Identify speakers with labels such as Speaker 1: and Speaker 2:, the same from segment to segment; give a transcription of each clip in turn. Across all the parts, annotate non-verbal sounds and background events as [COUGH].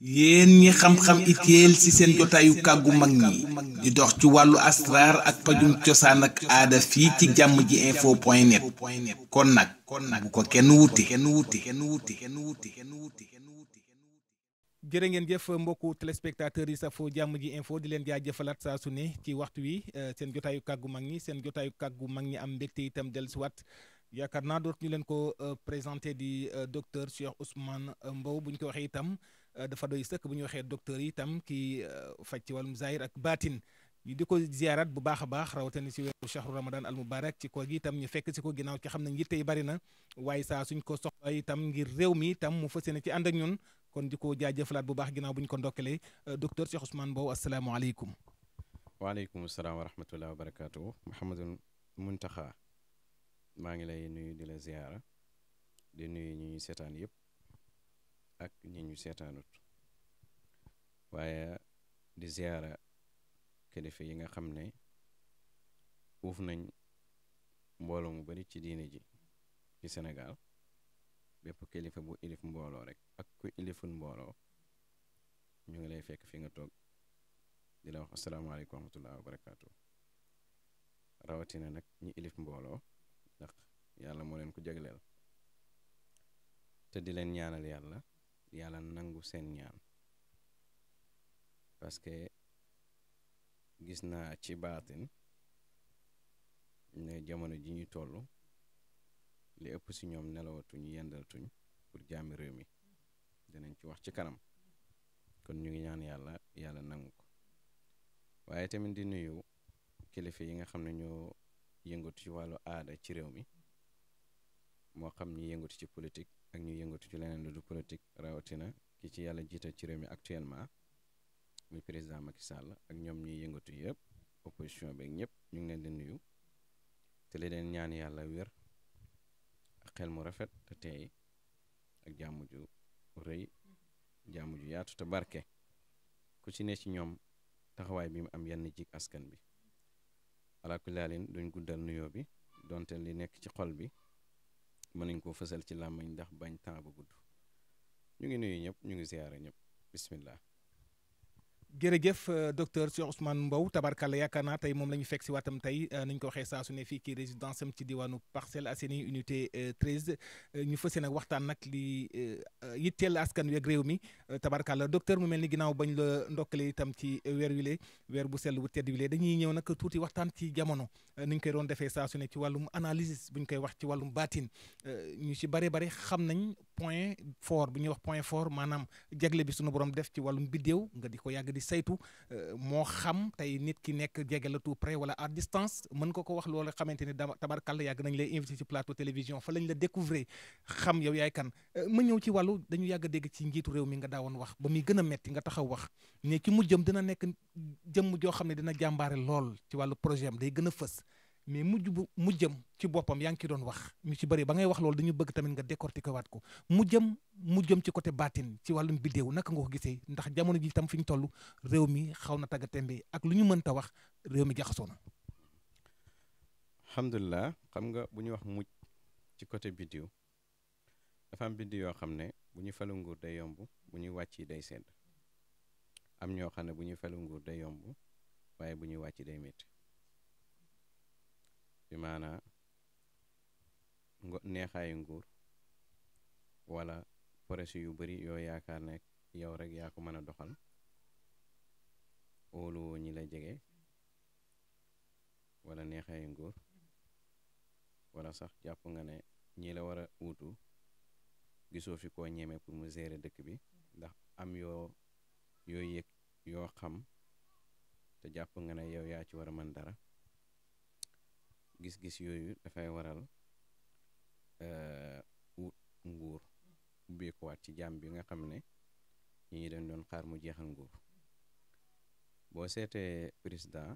Speaker 1: yéen ñi xam-xam itéel ci seen jotaayu kàggu mag ñi di dox ci wàllu astraar ak pajum cosaan ak aada fii ci jàmm ji info point net kon nag bu ko kenn wuti jërë ngeen jëf mbokku téléspectateurs yi sa safo jàmm ji info di leen jaajëfalaat saa su ne ci waxtu wi euh, seen jotaayu kàggu mag ñi seen jotaayu kàggu mag ñi am mbégte itam dellusiwaat yaakaar naa dootu ñu leen ko euh, présenté di euh, docteur Cheikh Ousmane Mbow bu ñu ko waxee itam Euh, dafa doy sëkk bu ñu waxee docteur yi itam kii euh, faj ci wàllum zahir ak baatin ñu di ko ziarat bu baax a baax rawatina si weeru chahru ramadan al mubarak ci koor gi itam ñu fekk si ko ginnaaw ci xam nañ yitte yi bari na waaye saa suñ ko soxla itam ngir réew mi itam mu fas yéene ci ànd ak ñun kon di ko jaajëfalaat bu baax ginnaaw bu ñu ko ndokkelee euh, docteur Cheikh Ousmane Mbow asalaamaaleykum
Speaker 2: waaleykum salaam wa rahmatullahi wa barakaatu Mouhamadul Muntaxa maa ngi lay nuyu di la ziara di nuyu seetaan yëpp ak ñi ñu seetaanut waaye di ziyaara kilifa yi nga xam ne uuf nañ mbooloo mu bari ci diine ji ci Sénégal bépp kilifa bu ilif mbooloo rek ak ku iliful mbooloo ñu ngi lay fekk fi nga toog di la wax asalaamaaleykum wa rahmatullah wa rawatina nag ñi ilif mbooloo ndax yàlla moo leen ko jagleel te di leen ñaanal yàlla yàlla nangu seen ñaan parce que gis naa ci baatin ne jamono ji ñu toll li ëpp si ñoom nelawatuñ yendaltuñ pour jaami réew mi dinañ ci wax ci kanam kon ñu ngi ñaan yàlla yàlla nangu ko waaye tamit di nuyu kilifa yi nga xam ne ñoo yëngatu ci wàllu aada ci réew mi moo xam ñi yëngatu ci politique ak ñu yëngatu ci leneen lu du politique rawatina ki ci yàlla jiital ci réew mi actuellement muy président Macky Sall ak ñoom ñuy yëngatu yëpp opposition beeg ñëpp ñu ngi leen di nuyu te li leen ñaan yàlla wér ak xel mu rafet te tey ak jàmm ju rëy jàmm ju yaatu te barke ku ci ne ci ñoom taxawaay bi mu am yenn jig askan bi alaakulaalin duñ guddal nuyoo bi donte li nekk ci xol bi mën nañ koo fësal ci làmmiñ ndax bañ temps bu gudd ñu ngi nuyu ñëpp ñu ngi ziyaara ñëpp bismillah
Speaker 1: jërëjëf si euh, Cheikh Ousmane Mbow tabarkalla yaakaar naa tey moom la ñu fekk si waatam tey euh, nañ ko waxee saa su ne fii ki résidence ci diwaanu Parcelles Assainies unité 13 euh, ñu fas nag waxtaan nag li yitteel askan wi ak réew mi tabarkalla docteur mu mel ni ginnaaw bañ la ndokkale itam ci weer wi weer bu sell bu tedd wi dañuy ñëw nag tuuti waxtaan ci jamono ni koy doon defee saa su ne ci wàllum analyse bu ñu koy wax ci wàllum baatin ñu si bare bare point fort bu ñuy wax point fort maanaam jagle bi sunu borom def ci wàllum biddéew nga di ko yàgg di saytu euh, moo xam tey nit ki nekk jege la tout près wala à distance mën ko ko wax loolu xamante ni tabarkàlla yàgg nañ lay invité ci plateau télévision fa lañ la découvrir xam yow yaay kan euh, ma ñëw ci wàllu dañu yàgg dégg ci njiitu réew mi nga daawoon wax ba muy gën a metti nga taxaw wax ne ki mu jëm dina nekk jëm joo xam ne dina jàmbaare lool ci wàllu projet am day gën a fës mais mujj bu jëm ci boppam yaa ngi ci doon wax ñu ci bëri ba ngay wax loolu dañu bëgg tamit nga décortiquer waat ko mu mujjam mujjam ci côté baatin ci wàllum biddéew naka nga ko gisee ndax jamono ji tam fi ñu toll réew mi xaw na tagga tembe ak lu ñu mënta wax réew mi jaxasoo na.
Speaker 2: alhamdulilah xam nga bu ñuy wax mujj ci côté biddéew dafa am biddéew yoo xam ne bu ñu falu nguur day yomb bu ñuy wàcc day sedd am ñoo xam ne bu ñuy falu nguur day yomb waaye bu ñuy wàcc day métti. bi maanaa neexaayu nguur wala projet yu bari yoo yaakaar ne yow rek yaa ko mën a doxal olo ñi la jege wala neexaayu nguur wala sax jàpp nga ne ñi la war a uutu gisoo fi ko ñeme pour mu gérer dëkk bi ndax am yoo yoo yëg yoo xam te jàpp nga ne yow yaa ci war a mën dara gis-gis yooyu dafay waral wut euh, nguur ubbeekuwaat ci jaam bi nga xam ne ñi dañ doon xaar mu jeexal nguur boo seetee président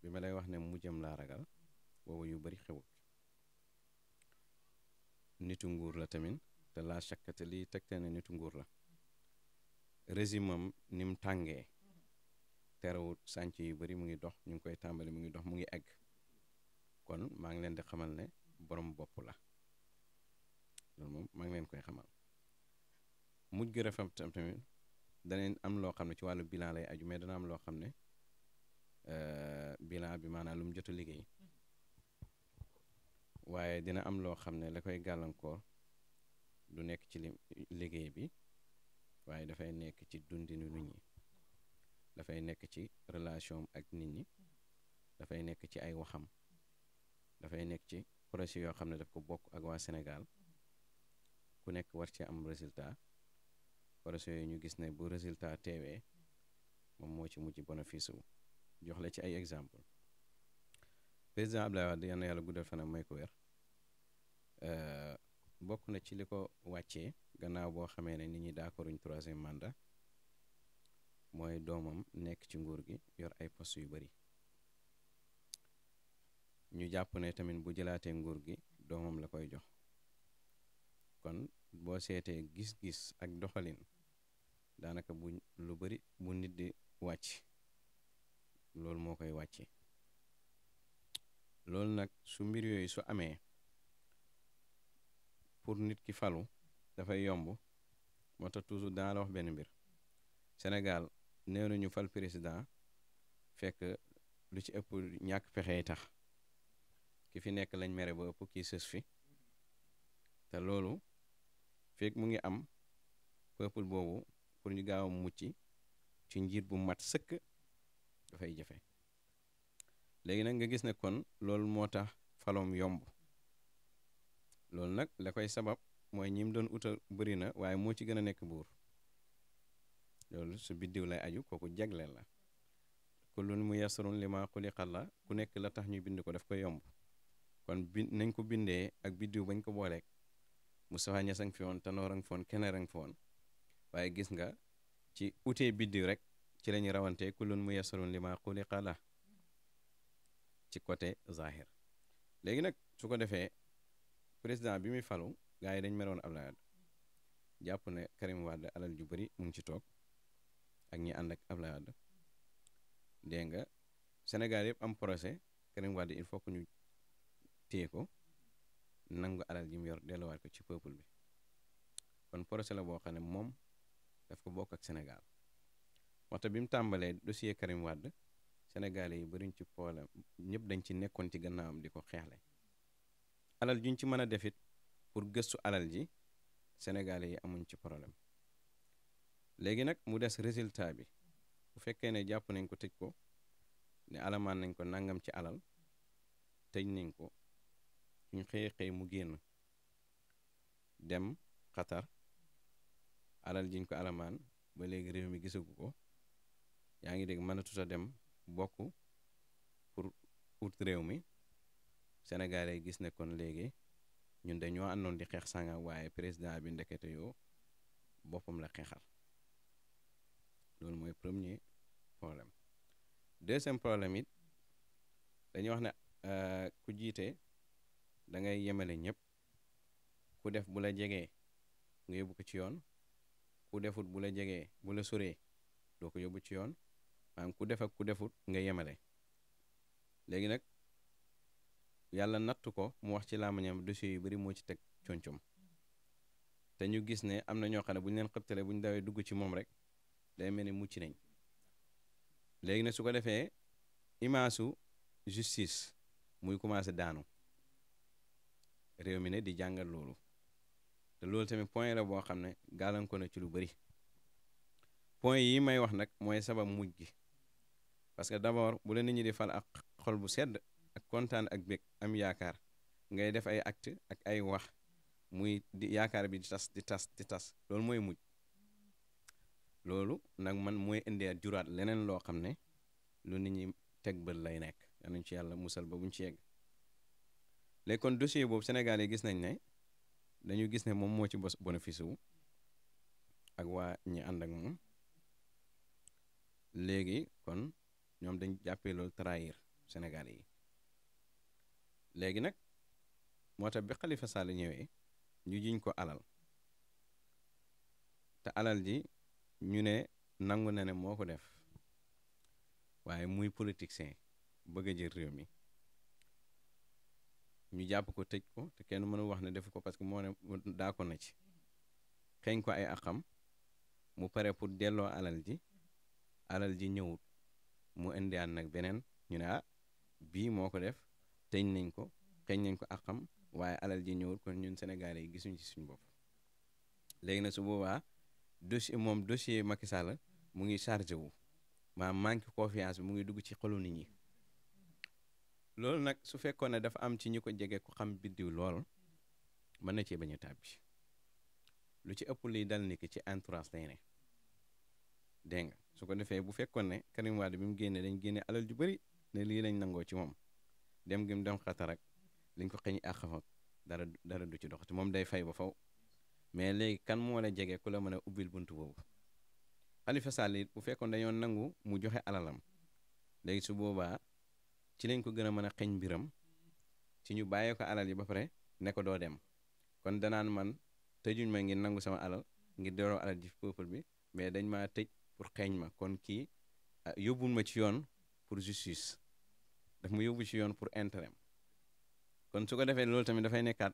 Speaker 2: bi ma lay wax ne mu jëm laa ragal boobu yu bari xewul nitu nguur la tamit te laa chakkate li tegte ne nitu nguur la régime am ni mu tàngee terewut sànc yu bari mu ngi dox ñu ngi koy tàmbali mu ngi dox mu ngi egg kon maa ngi leen di xamal ne borom bopp la loolu moom maa ngi leen koy xamal mujj gi rafet tamit daneen am loo xam ne ci wàllu bilan lay aju am loo xam ne euh, bilan bi maanaam lu mu jot liggéey waaye dina am loo xam ne la koy gàllankoor du nekk ci li liggéey bi waaye dafay nekk ci dundinu nit ñi dafay nekk ci relation ak nit ñi dafay nekk ci ay waxam dafay nekk ci projet yoo xam ne daf ko bokk ak waa Sénégal ku nekk war ci am résultat projet yooyu ñu gis ne bu résultat teewee moom moo ci mujj bénéfice wu jox la ci ay exemple président Abdoulaye Wade yal na yàlla guddal fanam may ko wér euh, bokk na ci li ko wàccee gannaaw boo xamee ne nit ñi d'accorduñ troisième manda mooy doomam nekk ci nguur gi yor ay post yu bari ñu jàpp ne tamit bu jëlaatee nguur gi doomam la koy jox kon boo seetee gis-gis ak doxalin daanaka bu lu bari bu nit di wàcc loolu moo koy wàcce loolu nag su mbir yooyu su amee pour nit ki falu dafay yomb moo tax toujours daa la wax benn mbir Sénégal néew nañu fal président fekk lu ci ëpp ñàkk pexey tax ki fi nekk lañ mere ba ëpp kii sës fi te loolu fekk mu ngi am peuple boobu pour ñu gaaw a mucc ci njiit bu mat sëkk dafay jafe léegi nag nga gis ne kon loolu moo tax faloom yomb loolu nag la koy sabab mooy ñim doon uta bëri na waaye moo ci gën a nekk buur loolu su biddiw lay aju kooku jagleel la kullun mu yasarun li ma xuliqal la ku nekk la tax ñu bind ko def koy yomb kon bi nañ ko bindee ak biddiw bañ ko booleeg mu Niass a ngi fi woon Tanor a ngi fi woon Keneen fi woon waaye gis nga ci utee biddiw rek ci la ñu rawantee kullun muyassarun limaa xuliqa lah ci côté zahir léegi nag su ko defee président bi muy falu gaa yi dañ meroon Abdoulaye Wade jàpp ne Karim Wade alal ju bëri mu ngi ci toog ak ñi ànd ak Abdoulaye Wade dégg nga Sénégal yëpp am procès Karim Wade il faut que ñu téye ko nangu alal ji mu yor delluwaat ko ci peuple bi kon projet la boo xam ne moom def ko bokk ak Sénégal waxta bi mu tàmbalee dossier Karim Wade Sénégalais yi bëriñ ci problème ñëpp dañ ci nekkoon ci gannaawam di ko xeexle alal juñ ci mën a defit pour gëstu alal ji Sénégalais yi amuñ ci problème léegi nag mu des résultat bi bu fekkee ne jàpp nañ ko tëj ko ne alamaan nañ ko nangam ci alal tëj nañ ko ñu xëy xëy mu génn dem xatar alal jiñ ko alamaan ba léegi réew mi gisagu ko yaa ngi dégg mënatut a dem bokk pour ut réew mi Sénégalais gis ne kon léegi ñun dañoo àndoon di xeex sanga waaye président bi ndekete yoo boppam la xeexal loolu mooy premier problème deuxième problème it dañuy wax ne euh, ku jiite da ngay yemale ñëpp ku def bu la jegee nga yóbbu ci yoon ku defut bu la jegee bu la soree doo ko yóbbu ci yoon maanaam ku def ak ku defut nga yemale léegi nag yàlla natt ko mu wax ci laamañam dossier yu bari moo ci teg concom te ñu gis ne am na ñoo xam ne bu ñu leen xëptale bu ñu dawee dugg ci moom rek day mel ni mucc nañ léegi nag su ko defee imaasu justice muy commencé daanu réew mi ne di jàngal loolu te loolu tamit point la boo xam ne gàllankoor na ci lu bëri point yi may wax nag mooy sabab mujj gi parce que d'abord bu la nit ñi di fal ak xol bu sedd ak kontaan ak bég am yaakaar ngay def ay acte ak ay wax muy di yaakaar bi di tas di tas di tas loolu mooy mujj loolu nag man mooy indi juraat leneen loo xam ne lu nit ñi teg bët lay nekk yal ci yàlla musal ba buñ ci yegg léegi kon dossier boobu Sénégal yi gis nañ ne dañu gis ne moom moo ci bos bénéfice wu ak waa ñi ànd ak moom léegi kon ñoom dañ jàppee loolu trahir Sénégal yi léegi nag moo tax bi xalifa Sall ñëwee ñu jiñ ko alal te alal ji ñu ne nangu na ne moo ko def waaye muy politicien bëgg a jël réew mi ñu jàpp ko tëj ko te kenn mënu wax ne defu ko parce que moo ne daa ko na ci xeeñ ko ay axam mu pare pour delloo alal ji alal ji ñëwut mu indiwaat nag beneen ñu ne ah bii moo ko def tëj nañ ko xeeñ nañ ko axam waaye alal ji ñëwut kon ñun Sénégalais yi gisuñ ci suñu bopp léegi nag su boobaa dossier moom dossier Macky Sall mu ngi chargé wu maanaam manque confiance bi mu ngi dugg ci xolo nit ñi loolu nag su fekkoon ne dafa am ci ñi ko jege ku xam biddiw lool mën na cee bañu a tàbbi lu ci ëpp lii dal ni ci entourage lay ne dégg nga su ko defee bu fekkoon ne Karim Wade bi mu génne dañ génne alal ju bari ne lii lañ nangoo ci moom dem gi mu dem xatar liñ ko xëñ àq fa dara dara du ci dox te moom day fay ba faw mais léegi kan moo la jege ku la mën a ubbil bunt boobu Khalifa Sall bu fekkoon dañoo nangu mu joxe alalam léegi su boobaa. ci lañ ko gën a mën a xeñ mbiram ci ñu bàyyee ko alal yi ba pare ne doo dem kon danaan man tëjuñ ma ngir nangu sama alal ngir delloo alal ji peuple bi mais dañ maa tëj pour xeeñ ma kon kii ah, yóbbul ma ci yoon pour justice daf ma yóbbu ci yoon pour intérêt kon su ko defee loolu tamit dafay nekkaat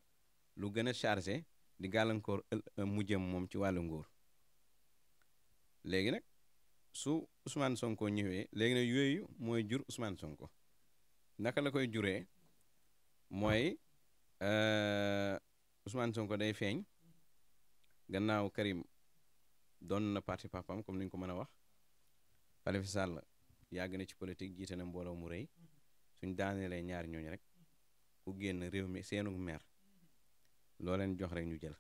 Speaker 2: lu gën a chargé di gàllankoor euh, mujjam moom ci wàllu nguur léegi nag su Ousmane Sonko ñëwee léegi nag yooyu mooy jur Ousmane Sonko naka la koy juree mooy euh, Ousmane Sonko day feeñ gannaaw Karim doon na parti papam comme ni ñu ko mën a wax Khalifa Sall yàgg na ci politique jiite na mbooloo mu rëy suñ daanelee ñaar ñooñu rek ku génn réew mi seenu mer loo leen jox rek ñu jël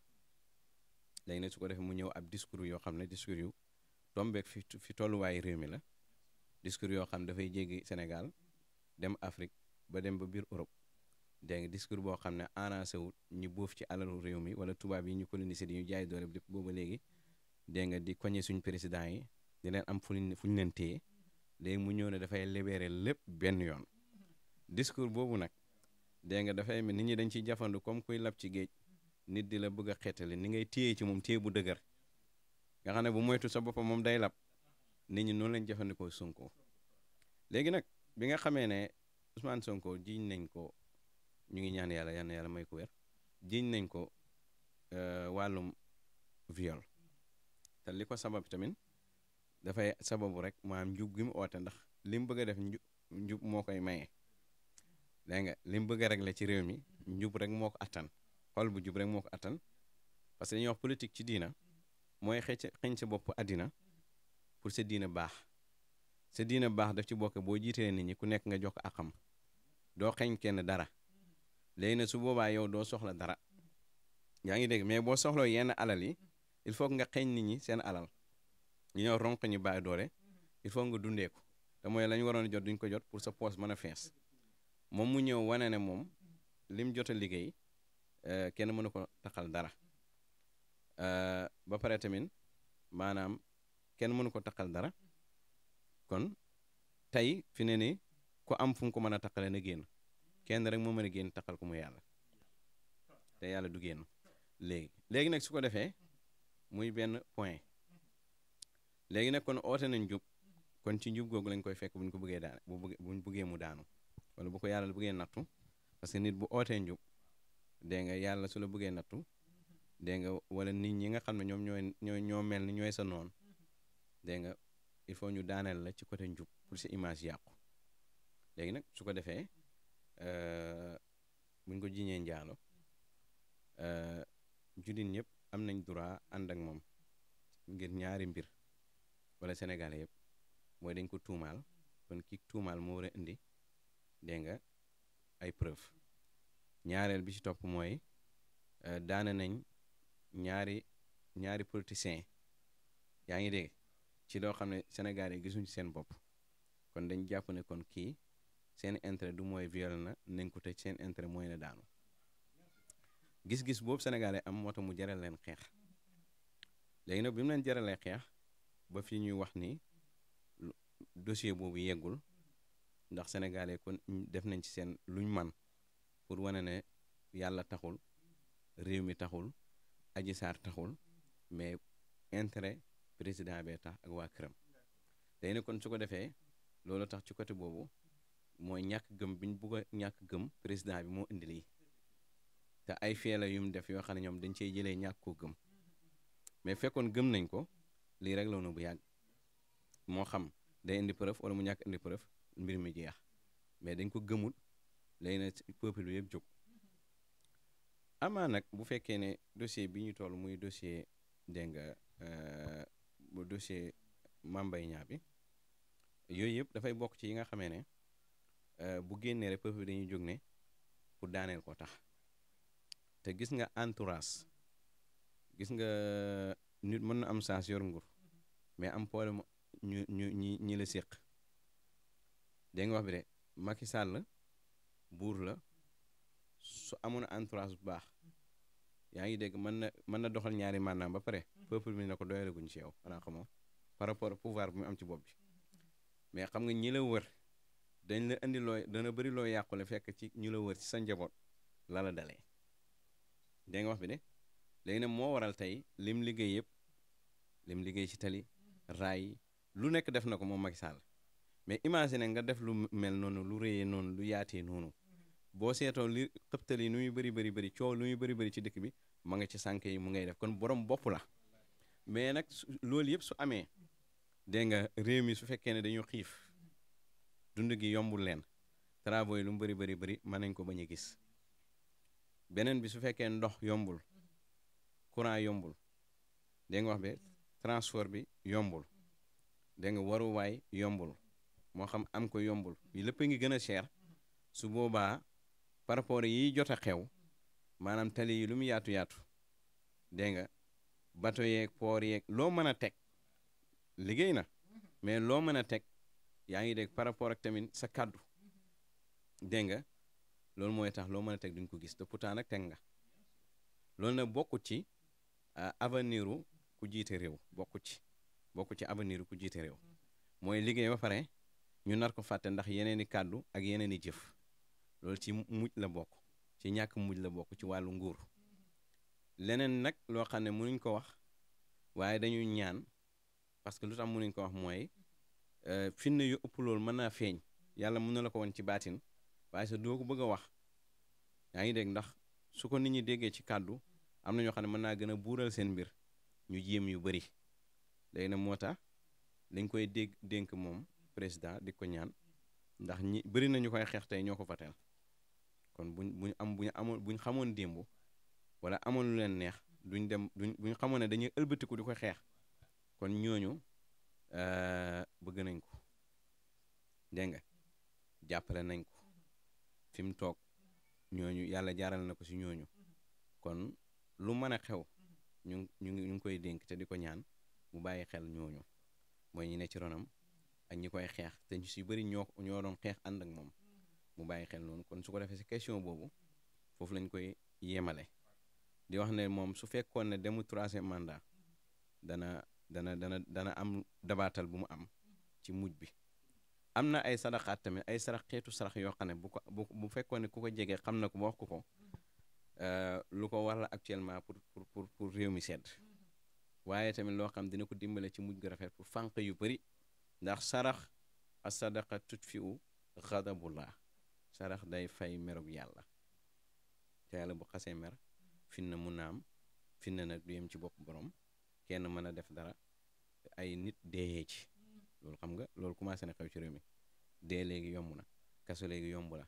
Speaker 2: léegi nag su ko defee mu ñëw ab discours yoo xam ne discours yu tombeek fi fi tolluwaayu réew mi la discours yoo xam dafay jéggi Sénégal dem Afrique ba dem ba biir Europe dégg nga discours boo xam ne arrangé wul ñu boof ci alalu réew mi wala tubaab yi ñu colonisé di ñu jaay doole bi booba léegi dégg nga di koñe suñ président yi di am fu ñu fu leen téye léegi mu ñëw ne dafay libéré lépp benn yoon discours boobu nag dégg nga dafay mel nit ñi dañ ciy jafandu comme kuy lab ci géej nit di la bëgg a xeetali ni ngay téye ci moom téye bu dëgër nga xam ne bu moytu sa boppam moom day lab nit ñi noonu lañ jëfandikoo Sonko bi nga xamee ne Ousmane Sonko jiñ nañ ko ñu ngi ñaan yàlla yal yàlla may ko wer jiiñ nañ ko euh, wàllum viol te li ko sabab tamit dafay sababu rek maanaam njub gi mu oote ndax li mu bëgg a def njub moo koy maye dégg nga li mu bëgg a régler ci réew mi njub rek moo ko attan xol bu jub rek moo ko attan parce que dañuy ci diina mooy xëcc xëñ sa bopp àddina pour sa diina baax sa diina baax def ci bokke boo jiitee nit ñi ku nekk nga jox ko àqam doo xeeñ kenn dara léegi nag su boobaa yow doo soxla dara yaa ngi dégg mais boo soxla yenn alal yi il faut nga xeeñ nit ñi seen alal ñu ñëw ronk ñu bàyyi doole il faut nga dundee ko te mooy la ñu waroon jot duñ ko jot pour sa poos man a fees moom mu ñëw wane ne moom lim jot a liggéey euh, kenn mënu ko taxal dara euh, ba pare tamit maanaam kenn mënu ko takkal dara. kon tey fi ne ni ku am fu ko mën a taqale na génn kenn rek moo mën a génn takkal ko mu yàlla te yàlla du génn léegi léegi nag su ko defee muy benn point léegi nag kon ootee nañ njub kon ci njub googu lañ koy fekk buñ ko bëggee daan bu buñ bëggee mu daanu wala bu ko yàlla bëggee nattu parce que nit bu ootee njub dégg nga yàlla su la bëggee nattu dégg nga wala nit ñi nga xam ne ñoom ñooy ñoo ñoo mel ni ñooy sa noon dégg nga il faut ñu daaneel la ci côté njub pour sa image yàqu léegi nag su ko defee euh, buñ ko jiñee njaalo euh, jullit ñëpp am nañ droit ànd ak moom ngir ñaari mbir wala sénégalais yëpp mooy dañ ko tuumaal kon ki tuumaal moo war indi dégg nga ay preuve ñaareel bi ci topp mooy euh, daana nañ ñaari ñaari politiciens yaa ngi dégg ci loo xam ne Sénégal yi ci seen bopp kon dañ jàpp ne kon kii seen intérêt du mooy viol na nañ ko tëj seen intérêt mooy na daanu gis-gis boobu Sénégal am moo tax mu jaral leen xeex léegi nag bi mu leen jaralee xeex ba fii ñuy wax ni dossier boobu yeggul ndax sénégalais kon def nañ ci seen luñ man pour wane ne yàlla taxul réew mi taxul aji saar taxul mais intérêt président bee tax ak waa këram day na kon su ko defee loolu tax ci côté boobu mooy ñàkk gëm bi ñu bugg ñàkk gëm président bi moo indi lii te ay feela yu mu def yoo xam ne ñoom dañ cey jëlee ñàkk koo gëm mais fekkoon gëm nañ ko lii rek la bu yàgg moo xam day indi preuve wala mu ñàkk indi preuve mbir mi jeex mais dañ ko gëmul léegi na peuple yëpp jóg amaa nag bu fekkee ne dossier bi ñu toll muy dossier dégg nga euh, dossier Mame Mbaye Niang bi yooyu yëpp dafay bokk ci yi nga xamee ne euh, bu génnee rek peuple bi dañuy jóg ne pour daaneel ko tax te gis nga entourage gis nga euh, nit mën na am chance yor nguur mais am problème ñu ñu ñi ñi la séq dégg nga wax bi de Macky Sall buur la su amoon entourage bu baax yaa ngi dégg mën na mën na doxal ñaari maanaam ba pare mm-hmm. peuple bi ne ko doyalaguñ ci yow xanaa xamoo par rapport pouvoir bu mu am ci bopp bi mm-hmm. mais xam nga ñi la wër dañ la indi looy dana bëri loo yàqule fekk ci ñu la wër ci sa njaboot lala la dalee dégg nga wax bi de léegi nag moo waral tey lim liggéey yëpp lim liggéey ci tali mm-hmm. raay yi lu nekk def na ko moom Macky Sall mais imagine nga def lu mel noonu lu rëyee noonu lu yaatee noonu boo seetoo li xëptal nu muy bëri bari bari coow lu muy bëri bëri ci dëkk bi ma nga ci sànk yi mu ngay def kon borom bopp la mais nag loolu yëpp su amee dégg nga réew mi su fekkee ne dañu xiif dund gi yombul leen travaux yi lu mu bëri bari bëri man nañ ko bañ a gis beneen bi su fekkee ndox yombul courant yombul dégg nga wax be transport bi yombul dégg nga waruwaay yombul moo xam am ko yombul yi lépp ngi gën a cher su boobaa par rapport yi jot a xew maanaam tali yi lu mu yaatu yaatu dégg nga bato yeeg poor yeeg loo mën a teg liggéey na mais loo mën a teg yaa ngi dégg par rapport ak tamit sa kàddu dégg nga loolu mooy tax loo mën a teg duñ ko gis te pourtant ak teg nga loolu nag bokku ci euh, avenir ku jiite réew bokku ci bokku ci avenir ku jiite réew mooy liggéey ba pare ñu nar ko fàtte ndax yeneen i kàddu ak yeneen i jëf loolu ci mujj la bokk ci ñàkk mujj la bokk ci wàllu nguur leneen nag loo xam ne mënuñ ko wax waaye dañuy ñaan parce que lu tax mënuñ ko wax mooy euh, finna yu ëpp loolu mën naa feeñ yàlla mun na la ko woon ci baatin waaye sa doo ko bëgg a wax yaa ngi dégg ndax su ko nit ñi déggee ci kàddu am na ñoo xam ne mën naa gën a buural seen mbir ñu jéem yu bëri léegi nag moo tax dañ koy dégg dénk moom président di ko ñaan ndax ñi bëri na ñu koy xeex tey ñoo ko fateel kon buñ buñ am buñ amoon buñ xamoon démb wala amoon lu leen neex duñ dem duñ buñ xamoon ne dañuy ëlbatiku di ko xeex kon ñooñu euh, bëgg nañ ko dégg nga jàppale nañ ko fi mu toog ñooñu yàlla jaaral na ko si ñooñu kon lu mën a xew ñu ñu ñu ngi koy dénk te di ko ñaan bu bàyyi xel ñooñu mooy ñu ne ci ronam ak ñi koy xeex te ñu si bëri ñoo ñoo doon xeex ànd ak moom. mu bàyyi xel noonu kon su ko defee si question boobu foofu lañ koy yemale di wax ne moom su fekkoon ne demu troisième mandat dana dana dana dana am dabaatal bu mu am ci mujj bi am na ay saraxaat tamit ay sarax xeetu sarax yoo xam ne bu ko bu fekkoon ne ku ko jege xam na ko ba wax ko ko euh, lu ko war actuellement pour pour pour pour réew mi sedd waaye tamit loo xam dina ko dimbale ci mujj gu rafet pour fànq yu bëri ndax sarax as sadaqa tutfiu xadabullah sarax day fay merug yàlla te yàlla bu xasee mer finna mu naam finna nag du yem ci bopp borom kenn mën a def dara ay nit deeyee ci loolu xam nga loolu commencé na xew ci réew mi dee léegi yomb na kaso léegi yomb la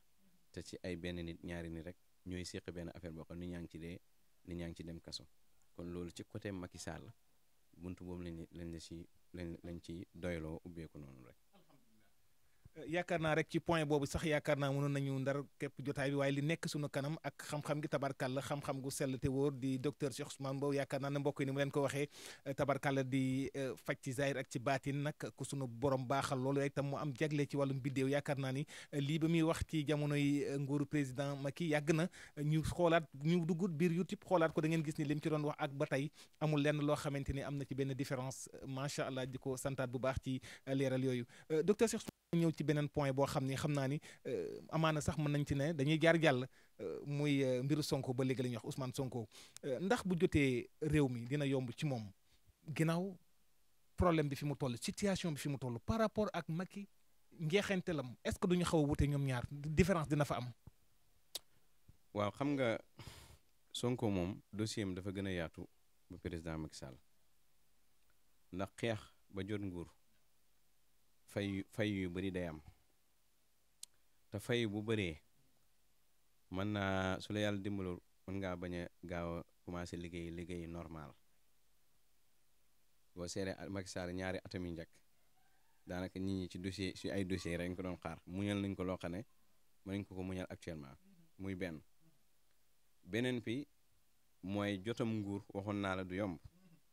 Speaker 2: te ci ay benn nit ñaari nit rek ñooy séq benn affaire boo xam ni ñaa ngi ci dee ni ñaa ngi ci dem kaso kon loolu ci côté Macky la buntu boobu lañ la ci lañ lañ ci doyloo ubbeeku noonu rek
Speaker 1: yaakaar naa rek ci point boobu sax yaakaar naa mënoon nañu ndar képp jotaay bi waaye li nekk suñu kanam ak xam-xam gi la xam-xam gu sell te wóor di docteur Cheikh Ousmane Mbow yaakaar naa ne mbokk yi ni mu leen ko waxee eh, tabarkalla di eh, faj ci zahir ak ci baatin nag ku sunu borom baaxal loolu waaye tam mu am jagle ci wàllum biddéew yaakaar naa ni eh, lii ba muy wax ci jamonoy nguuru président Macky yàgg na ñu xoolaat ñu duggut biir YouTube xoolaat ko da ngeen gis ni li mu ci doon wax ak ba tey amul lenn loo xamante ni am na ci benn différence macha allah di ko santaat bu baax ci leeral yooyu docteur ñëw ci beneen point boo xam ni xam naa ni euh, amaana sax mën nañ ci ne dañuy jaar jàll euh, muy euh, mbiru Sonko ba léegi la ñuy wax Ousmane Sonko ndax bu jotee réew mi dina yomb ci moom ginnaaw problème bi fi mu toll situation bi fi mu toll par rapport ak Macky njeexantelam est-ce que duñu xaw a wute ñoom ñaar différence dina fa am.
Speaker 2: waaw xam nga Sonko moom dossier am dafa gën a yaatu ba président Macky Sall ndax xeex ba jot nguur. fay fay yu bëri day am te fay bu bëree mën na su la yàlla dimbalul mën ngaa bañ a gaaw a commencé liggéey liggéey normal boo seeree Macky ñaari atam yu njëkk daanaka nit ñi ci dossier si ay dossier rek ñu doon xaar muñal nañ ko loo xam ne mën nañ ko ko muñal actuellement muy benn beneen bi mooy jotam nguur waxoon naa la du yomb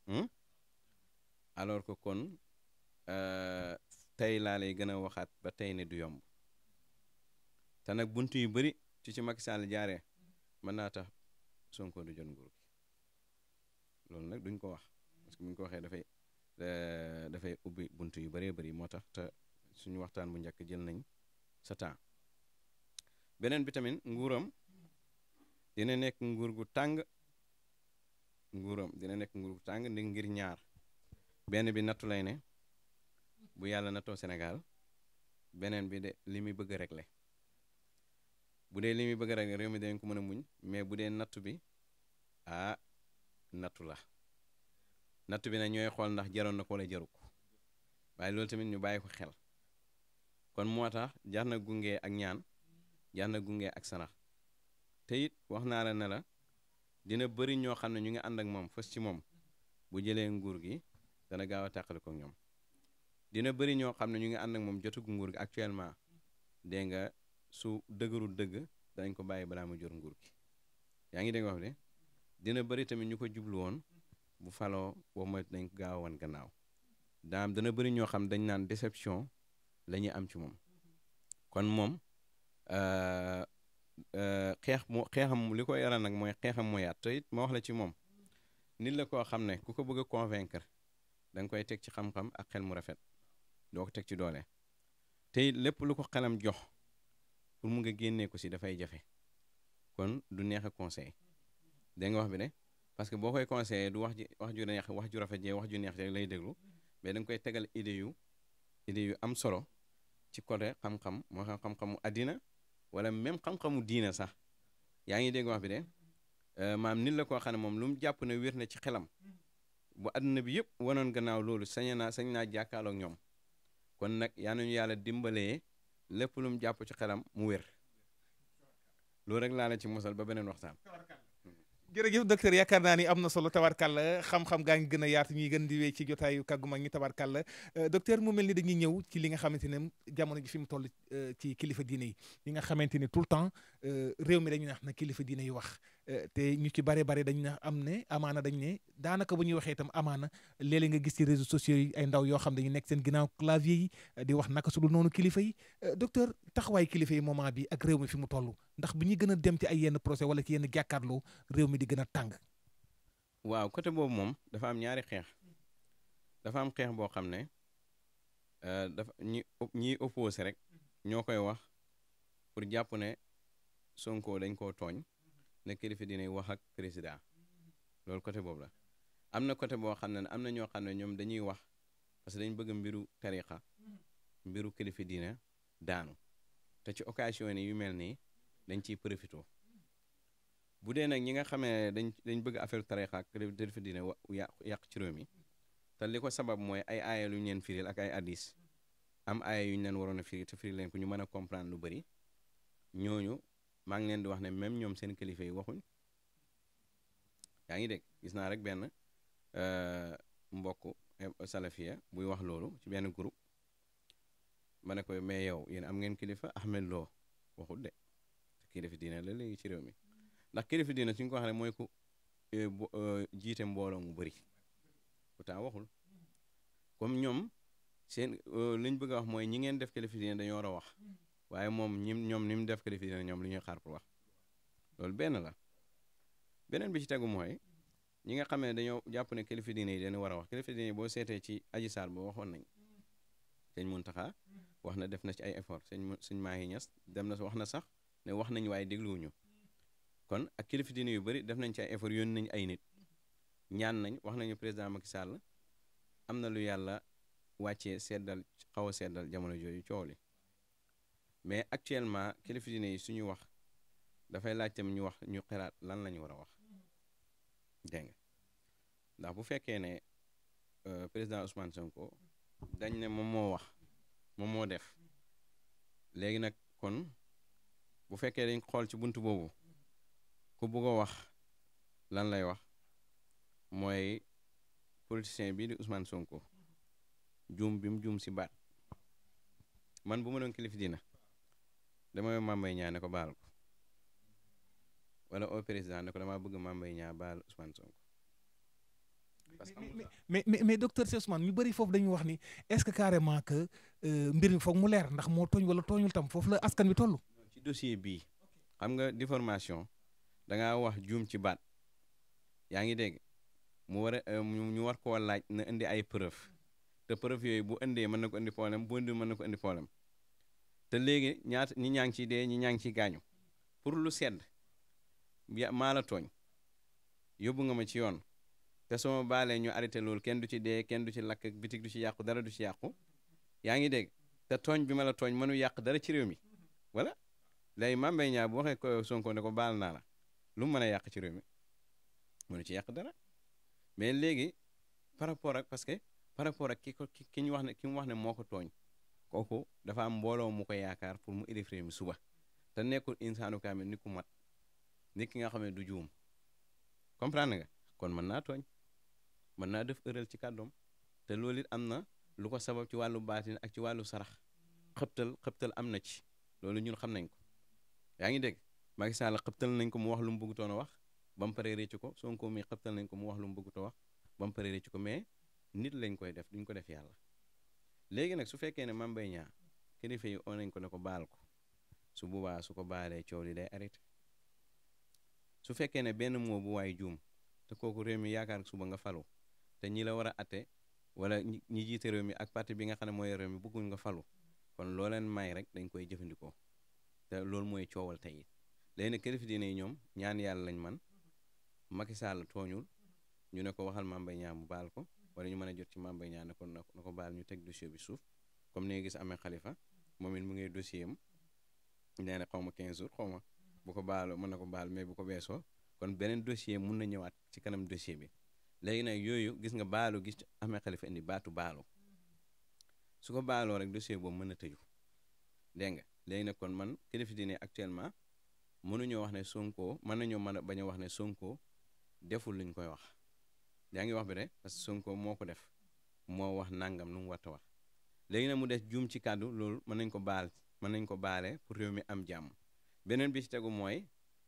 Speaker 2: hmm? alors que kon. Euh, tey laa lay gën a waxaat ba tey ne du yomb te nag bunt yu bëri ci ci Macky Sall jaare mën naa tax Sonko du jot nguur gi loolu nag duñ ko wax parce que ko waxee dafay euh, dafay ubbi bunt yu bëree bëri moo tax te suñu waxtaan bu njëkk jël nañ sa beneen bi tamit nguuram dina nekk nguur gu tàng nguuram dina nekk nguur gu tàng ndi ngir ñaar benn bi nattu lay ne bu yàlla natoo Sénégal beneen bi de li muy bëgg a régler bu dee li muy bëgg a régler réew mi dañ ko mën a muñ mais bu dee nattu bi ah nattu la nattu bi nag ñooy xool ndax jaroon na ko la jaru ko waaye loolu tamit ñu bàyyi ko xel kon moo tax jar na gunge ak ñaan jar na gunge ak sanax te wax naa la ne la dina bëri ñoo xam ne ñu ngi ànd ak moom fës ci moom bu jëlee nguur gi dana gaaw a tàqali ko ñoom dina bëri ñoo xam ne ñu ngi ànd ak moom jotagu nguur gi actuellement dégg nga su dëgërul dëgg danañ ko bàyyi balaa mu jor nguur gi yaa ngi dégg wax de dina bëri tamit ñu ko jublu woon bu faloo boo moytu nañ ko gaaw wan gannaaw daam dana bëri ñoo xam ne dañ naan déception la am ci moom kon moom euh, euh, xeex mu xeexam li ko yaral nag mooy xeexam mooy yaat te it ma wax la ci moom nit la koo xam ne ku ko bëgg a convaincre da koy teg ci xam-xam ak xel mu rafet doo ko teg ci doole tey lépp lu ko xelam jox pour mu nga génnee ko si dafay jafe kon du neexe a conseil nga wax bi ne parce que boo koy conseillé du wax ji wax ju neex wax ju rafet jee wax ju neex rek lay déglu mais danga koy tegal idée yu idée yu am solo ci côté xam-xam moo xam xam-xamu àddina wala même xam-xamu diina sax yaa ngi dégg wax bi de euh, maam nit la koo xam ne moom lu mu jàpp ne wér na ci xelam bu àddina bi yëpp wanoon gannaaw loolu sañ naa sañ naa jàkkaarloog ñoom kon nag yaa nañu yàlla dimbalee lépp lu mu jàpp ci xelam mu wér loolu rek laa la ci mosal ba beneen waxtaan.
Speaker 1: jërëjëf docteur yaakaar naa ni am na solo tabarkàlla xam-xam gaa ngi gën a yaatu ñuy gën di wéy ci jotaayu kàggu mag ñi tabarkàlla euh, docteur mu mel ni dañuy ñëw ci li nga xamante ne jamono ji fi mu toll euh, ci kilifa diine yi. li nga xamante ni tout le temps euh, réew mi dañuy naan na kilifa diine yi wax. Euh, te ñu ci bare bare dañ na am ne amaana dañ ne daanaka bu ñuy waxee itam amaana léeg nga gis ci réseaux sociaux yi ay ndaw yoo xam ne dañu nekk seen ginnaaw clavier yi euh, di wax naka su dul noonu kilifa yi euh, docteur taxawaay kilifa yi moment bi ak réew mi fi mu toll ndax bu ñuy gën a dem ci ay yenn procès wala ci yenn jàkkaarloo réew mi di gën a tàng.
Speaker 2: waaw côté boobu moom dafa am ñaari xeex dafa am xeex boo xam ne daf ñi ñiy opposé rek ñoo koy wax pour jàpp ne Sonko dañ koo ne kilifa diine wax ak président loolu côté boobu la am na côté boo xam ne am na ñoo xam ne ñoom dañuy wax parce que dañ bëgg mbiru tariqa mbiru kilifa diine daanu te ci occasion yu mel nii dañ ciy profité bu dee nag ñi nga xamee dañ dañ bëgg affaire tariqa ak kilifa diine yàq yàq ci réew mi te li ko sabab mooy ay aaya lu ñu leen ak ay hadis am aaya yu ñu leen waroon a firi te firi leen ko ñu mën a comprendre lu bari ñooñu maa ngi leen di wax ne même ñoom seen kilifa yi waxuñ yaa ngi dégg gis naa rek benn euh, mbokk euh, salafiya buy wax loolu ci benn groupe ma ne ko mais yow yéen am ngeen kilifa Ahmed Lo waxut de kilifa diina la léegi ci réew mi ndax kilifa diina suñ ko wax ne mooy ku euh, jiite mbooloo mu bari pourtant waxul comme ñoom seen liñ bëgg a wax mooy ñi ngeen def kilifa diina dañoo war a wax waaye moom ñi ñoom ni mu def qualifié ñoom lu ñuy xaar pour wax loolu benn la beneen bi ci tegu mooy ñi nga xam dañoo jàpp ne kilifa diine yi dañu war a wax kilifa yi boo seetee ci aji saal boo waxoon nañ sëñ Muntaxa wax na def na ci ay effort sëñ sëñ Mahi Niass dem na wax na sax ne wax nañu waaye dégluwuñu kon ak kilifa diine yu bëri def nañ ci ay effort yoon nañ ay nit ñaan nañ wax nañu président Macky Sall am na lu yàlla wàccee seddal xaw a seddal jamono jooju coow li mais actuellement kilifa diine yi suñu wax dafay laajte tam ñu wax ñu xiraat lan la ñu war a wax dégg nga ndax bu fekkee ne euh, président Ousmane Sonko dañ ne moom moo wax moom moo def léegi nag kon bu fekkee dañ xool ci bunt boobu ku bëgg wax lan lay wax mooy politicien bii di Ousmane Sonko juum bi mu juum si baat man bu ma doon kilifa diina dama yow Mame Mbaye Niang ne ko baal ko wala au président ne ko damaa bëgg Mame Mbaye ñaar baal Ousmane Sonko. parce que
Speaker 1: mais mais mais docteur Cheikh Ousmane ñu bëri foofu dañuy wax ni est-ce que carrément que euh, mbir mi foog mu leer ndax moo tooñ wala tooñul tam foofu la askan bi toll.
Speaker 2: ci dossier bii xam nga déformation da wax juum ci baat yaa ngi dégg mu war a euh, ñu war koo laaj na indi ay preuve te preuve yooyu bu indee mën na ko indi problème bu indi mën na ko indi problème. te léegi ñaata ñi ñaa ngi ciy dee ñi ñaa ngi ciy gaañu pour lu sedd maa la tooñ yóbbu nga ma ci yoon te suma baalee ñu arrêté loolu kenn du ci dee kenn du ci lakk bitig du ci yàqu dara du ci yàqu yaa ngi dégg te tooñ bi ma la tooñ mënu yàq dara ci réew mi wala léegi Mame Mbaye Niang bu waxee ko Sonko ne ko baal naa la lu mu mën a yàq ci réew mi mënu ci yàq dara mais léegi par rapport ak parce que par rapport ak ki ko ki ñu wax ne ki mu wax ne moo ko tooñ kooku dafa am mbooloo mu ko yaakaar pour mu élif mi suba te nekkul insaanu kaamil ni ku mat nit ki nga xam ne du juum comprendre nga kon mën naa tooñ mën naa def ëral ci kàddoom te loolu it am na lu ko sabab ci wàllu baatin ak ci wàllu sarax xëptal xëptal am na ci loolu ñun xam nañ ko yaa ngi dégg Macky Sall xëptal nañ ko mu wax lu mu bëggutoon a wax ba mu paree rëcc ko Sonko mi xëptal nañ ko mu wax lu mu bëggutoon a wax ba mu paree rëcc ko mais nit lañ koy def duñ ko def yàlla léegi nag su fekkee ne Mame Mbaye kilifa yi oo nañ ko ne ko baal ko su boobaa su ko baalee coow li day arrêté su fekkee ne benn moo bu waay juum te kooku réew mi yaakaar su ba nga falu te ñi la war a atte wala ñi jiite réew mi ak parti bi nga xam ne mooy réew mi bëgguñ nga falu kon loo leen may rek dañ koy jëfandikoo te loolu mooy coowal tey it léegi nag kilifa diine yi ñoom ñaan yàlla lañ man Macky Sall tooñul ñu ne ko waxal Mame Mbaye Niang mu baal ko wala ñu mën a jot ci Mame Mbaye Niang na ko na ko baal ñu teg dossier bi suuf comme ni nga gis amee xalifa moom it mu ngi dossier am nee na xaw ma 15 jours xaw ma bu ko baaloo mën na ko baal mais bu ko beesoo kon beneen dossier mun na ñëwaat ci kanam dossier bi léegi nag yooyu gis nga baalu gis amee xalifa indi baatu baalu su ko baaloo rek dossier boobu mën na tëju dégg nga léegi nag kon man kilifa diine actuellement mënuñoo wax ne Sonko mën nañoo mën a bañ a wax ne Sonko deful luñ koy wax yaa ngi wax bi rek parce que Sonko moo ko def moo wax nangam nu mu war wax léegi nag mu des juum ci kàddu loolu mën nañ ko baal mën nañ ko baale pour réew mi am jàmm beneen bi ci tegu mooy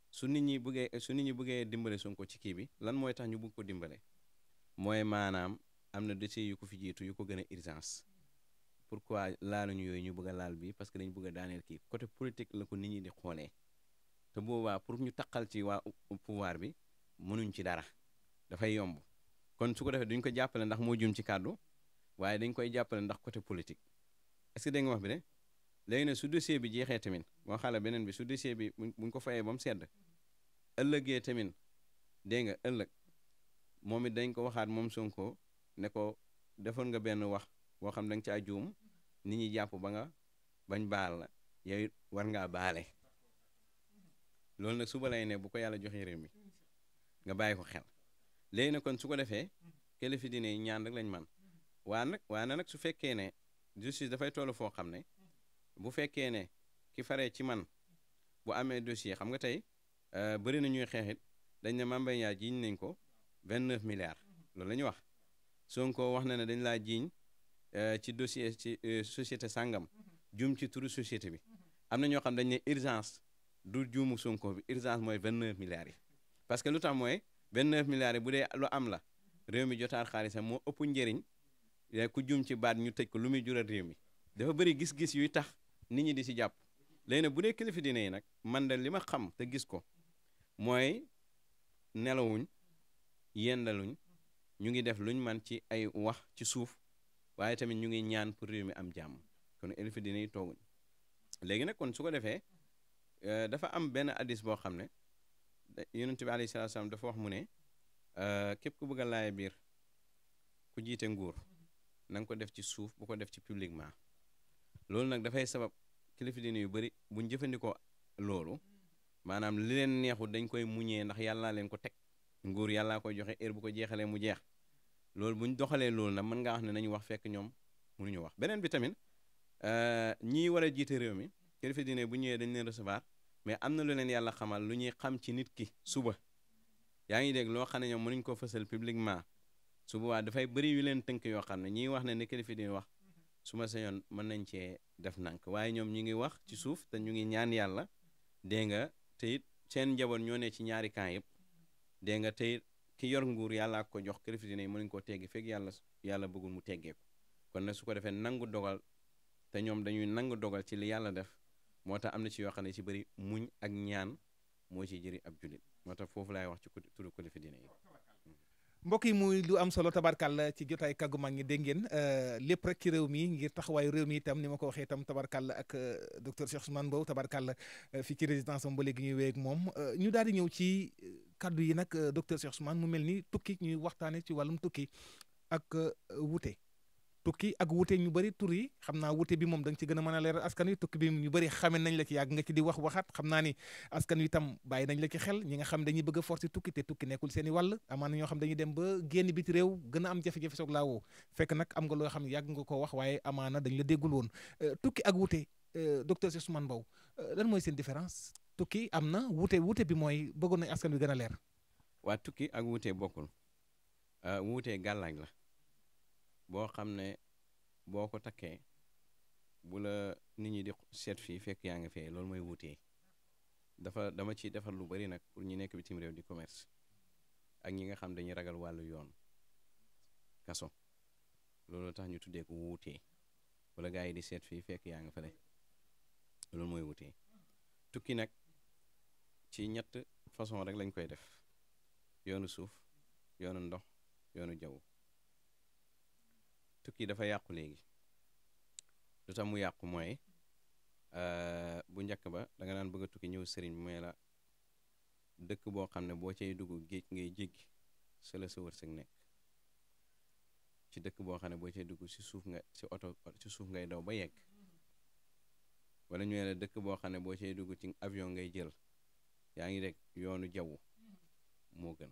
Speaker 2: su nit ñi bëggee su nit ñi bëggee dimbale Sonko ci kii bi lan mooy tax ñu bugg ko dimbale mooy maanaam am na dossier yu ko fi jiitu yu ko gën a urgence pourquoi laaluñu yooyu ñu bëgg laal bi parce que dañu bëgg a daaneel kii côté politique la ko nit ñi di xoolee te boobaa pour ñu taqal ci waa pouvoir bi mënuñ ci dara dafay yomb. kon su ko defee duñ ko jàppale ndax moo jum ci kàddu waaye dañ koy jàppale ndax côté politique est-ce que nga wax bi de léegi ne su dossier bi jeexee tamit moo xala beneen bi su dossier bi buñ ko fayee ba mu sedd ëllëgee tamit dégg nga ëllëg moom it dañ ko waxaat moom Sonko ne ko defoon nga benn wax woo xam da nga caa juum ni ñi jàpp ba nga bañ baal la yow war ngaa baale loolu nag suba lay ne bu ko yàlla joxee réew mi nga bàyyi ko xel léegi nag kon su ko defee kilifa dina yi ñaan rek lañ man waa nag waane nag su fekkee ne justice dafay toll foo xam ne bu fekkee ne ki faree ci man bu amee dossier xam nga tey euh, bëri na ñuy xeexit dañ ne Mame Mbaye jiiñ nañ ko vingt neuf milliards loolu la wax Sonko wax na ne dañ laa jiiñ euh, ci dossier ci euh, société sàngam jum ci turu société bi am na ñoo xam dañ ne urgence du juumu Sonko bi urgence mooy vingt neuf milliards yi parce que lu tax mooy benn neuf milliards bu dee lu am la réew mi jotaar xaalisam moo ëpp njëriñ eh, ku jum ci baat ñu tëj ko lu muy jural réew mi dafa bëri gis-gis yuy tax nit ñi di si jàpp léegi nag bu dee kilifa diine yi nag man de li ma xam te gis ko mooy nelawuñ yendaluñ ñu ngi def luñ man ci ay wax ci suuf waaye tamit ñu ngi ñaan pour réew mi am jàmm kon kilifa diine yi tooguñ léegi nag kon su ko defee eh, dafa am benn addis boo xam ne yonent bi alayhi salaatu salaam dafa wax mu ne euh, képp ku bëgg a laaya biir ku jiite nguur na ko def ci suuf bu ko def ci publiquement loolu nag dafay sabab kilifa diine yu bëri buñ jëfandikoo loolu maanaam li leen neexul dañ koy mu muñee ndax yàllaa leen ko teg nguur yàllaa koy joxe heure bu ko jeexalee mu jeex loolu buñ doxalee loolu nag man ngaa wax ne nañu wax fekk ñoom mënuñu wax beneen bi tamit euh, ñii war a jiite réew mi kilifa diine bu ñëwee dañ leen recevoir mais am na lu leen yàlla xamal lu ñuy xam ci nit ki suba yaa ngi dégg loo xam ne ñoom mënuñ ko fësal publiquement su boobaa dafay bëri yu leen tënk yoo xam ne ñiy wax ne ni kilifa di wax su ma sañoon mën nañ cee def nank waaye ñoom ñu ngi wax ci suuf te ñu ngi ñaan yàlla dégg nga te it seen njaboot ñoo ne ci ñaari camp yëpp dee nga te it ki yor nguur yàllaa ko jox kilifa dina yi mënuñ koo teggi fekk yàlla yàlla bëggul mu teggeeku kon nag su ko defee nangu dogal te ñoom dañuy nangu dogal ci li yàlla def moo tax am na ci yoo xam ne ci bëri muñ ak ñaan moo ci jëri ab jullit moo tax foofu laay wax ci tudd kilifa diine yi
Speaker 1: mbokk yi muy lu am solo tabarkàlla ci jotaay kàggu mag ñi dégg ngeen euh, lépp rek ci réew mi ngir taxawaayu réew mi itam ni ma ko waxee itam tabarkàlla ak euh, docteur Cheikh Ousmane Mbow tabarkàlla euh, fii ci résidence am ba léegi ñuy wéy moom ñu daal di ñëw ci kaddu yi nag docteur Cheikh Ousmane mu mel ni tukki ñuy waxtaanee ci wàllum tukki ak wuute tukki ak wute ñu bëri tur yi xam naa wute bi moom da nga gën a mën a leeral askan wi tukki bi ñu bëri xame nañ la ci yàgg nga ci di wax waxaat xam naa ni askan wi tam bàyyi nañ la xel ñi xam dañuy bëgg a forcer tukki te seen i wàll ñoo xam dañuy dem ba génn biti réew gën am jafe-jafe soog fekk nag am nga loo xam ne yàgg nga ko wax waaye amaana dañ la déggul woon euh, tukki ak wute euh, docteur Cheikh Ousmane Mbow euh, lan mooy seen différence tukki am na wute wute bi mooy bëggoon nañ askan wi gën a leer
Speaker 2: waa tukki ak wute bokkul wute gàllaaj la boo xam ne boo ko takkee bu la nit ñi di seet fii fekk yaa ngi fee loolu mooy wutee dafa dama ci defar lu bari nag pour ñu nekk tim réew di commerce ak ñi nga xam dañuy ragal wàllu yoon kaso loolu tax ñu tuddee ko wuutee wala gaa yi di seet fii fekk yaa nga fale loolu mooy wuutee tukki nag ci ñett façon rek lañ koy def yoonu suuf yoonu ndox yoonu jaw tukki dafa yàqu léegi lu tax mu yàqu mooy euh, bu njëkk ba danga nga daan bëgg a tukki ñëw sëriñ mooy la dëkk boo xam ne boo cay dugg géej ngay jéggi sa la sa nekk ci dëkk boo xam ne boo cay dugg si suuf nga si oto si suuf ngay daw ba yegg wala ñu la dëkk boo xam ne boo cay dugg ci avion ngay jël yaa ngi rek yoonu jaw moo gën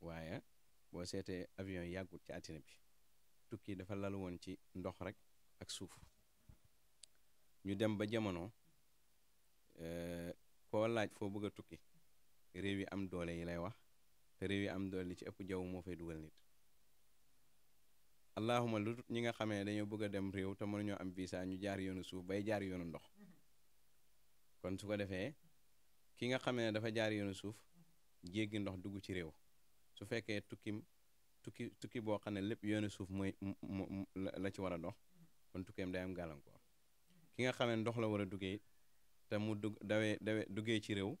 Speaker 2: waaye boo seetee avion yàggul ci àddina bi tukki dafa lal woon ci ndox rek ak suuf ñu dem ba jamono eh, koo laaj foo bëgg a tukki réew yi am doole yi lay wax te réew yi am doole li ci ëpp jaww moo fay dugal nit allahuma lu ñi nga xamee ne dañoo bëgg a dem réew te mënuñoo am visa ñu jaar yoonu suuf bay jaar yoonu ndox kon su ko defee ki nga xamee ne dafa jaar yoonu suuf jéggi ndox dugg ci réew su fekkee tukkim tukki tukki boo xam ne lépp yoonu suuf mooy la ci war a dox kon tukkeem day am gàllankoor ki nga xam ndox la war a duggee te mu dug dawee dawee duggee ci réew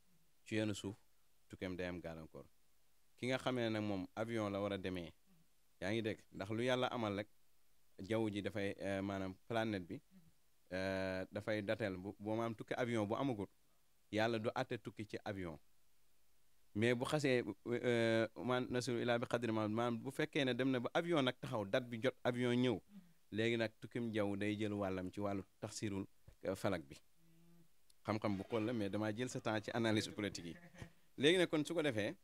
Speaker 2: ci yoonu suuf tukkeem day am gàllankoor ki nga xamee nag moom avion la war a demee yaa ngi dégg ndax lu yàlla amal rek jaww ji dafay eh, maanaam planet bi eh, dafay dateel bu boo maam tukki avion bu amagut yàlla du àtte tukki ci avion mais bu xasee euh, man nasiru ilaa bi xadri ma maanaam bu fekkee ne dem na ba avion nag taxaw date bi jot avion ñëw léegi nag tukkim jaww day jël wàllam ci wàllu sirul euh, falak bi xam-xam bu xool la mais damaa jël sa temps ci analyse politique yi léegi nag kon su ko defee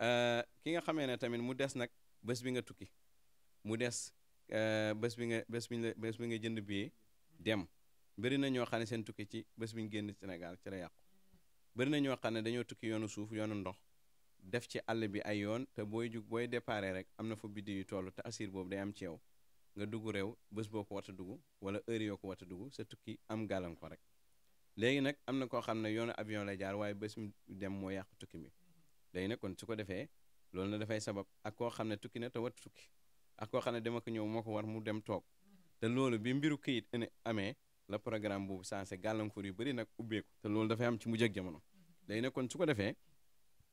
Speaker 2: euh, ki nga xamee ne tamit mu des nag bés bi nga tukki mu des bés bi nga bés bi nga bés nga jënd bi dem bëri na ñoo xam ne seen tukki ci bés bi génn Sénégal ci la yàqu bëri na ñoo xam ne dañoo tukki yoonu suuf yoonu ndox def ci àll bi ay yoon te booy jug booy déparé rek am na fa biddiw yu toll te asir boobu day am ci yow nga dugg réew bés boo ko war dugg wala heure yoo ko war a dugg sa tukki am gàllankoor rek léegi nag am na koo xam ne yoonu avion lay jaar waaye bés mu dem moo yàq tukki bi léegi nag kon su ko defee loolu na dafay sabab ak koo xam ne tukki na te wat tukki ak koo xam ne dama ko ñëw moo ko war mu dem toog te loolu bi mbiru këyit amee la programme boobu sensé gàllankoor yu bëri nag ubbeeku te loolu dafay am ci mujj ak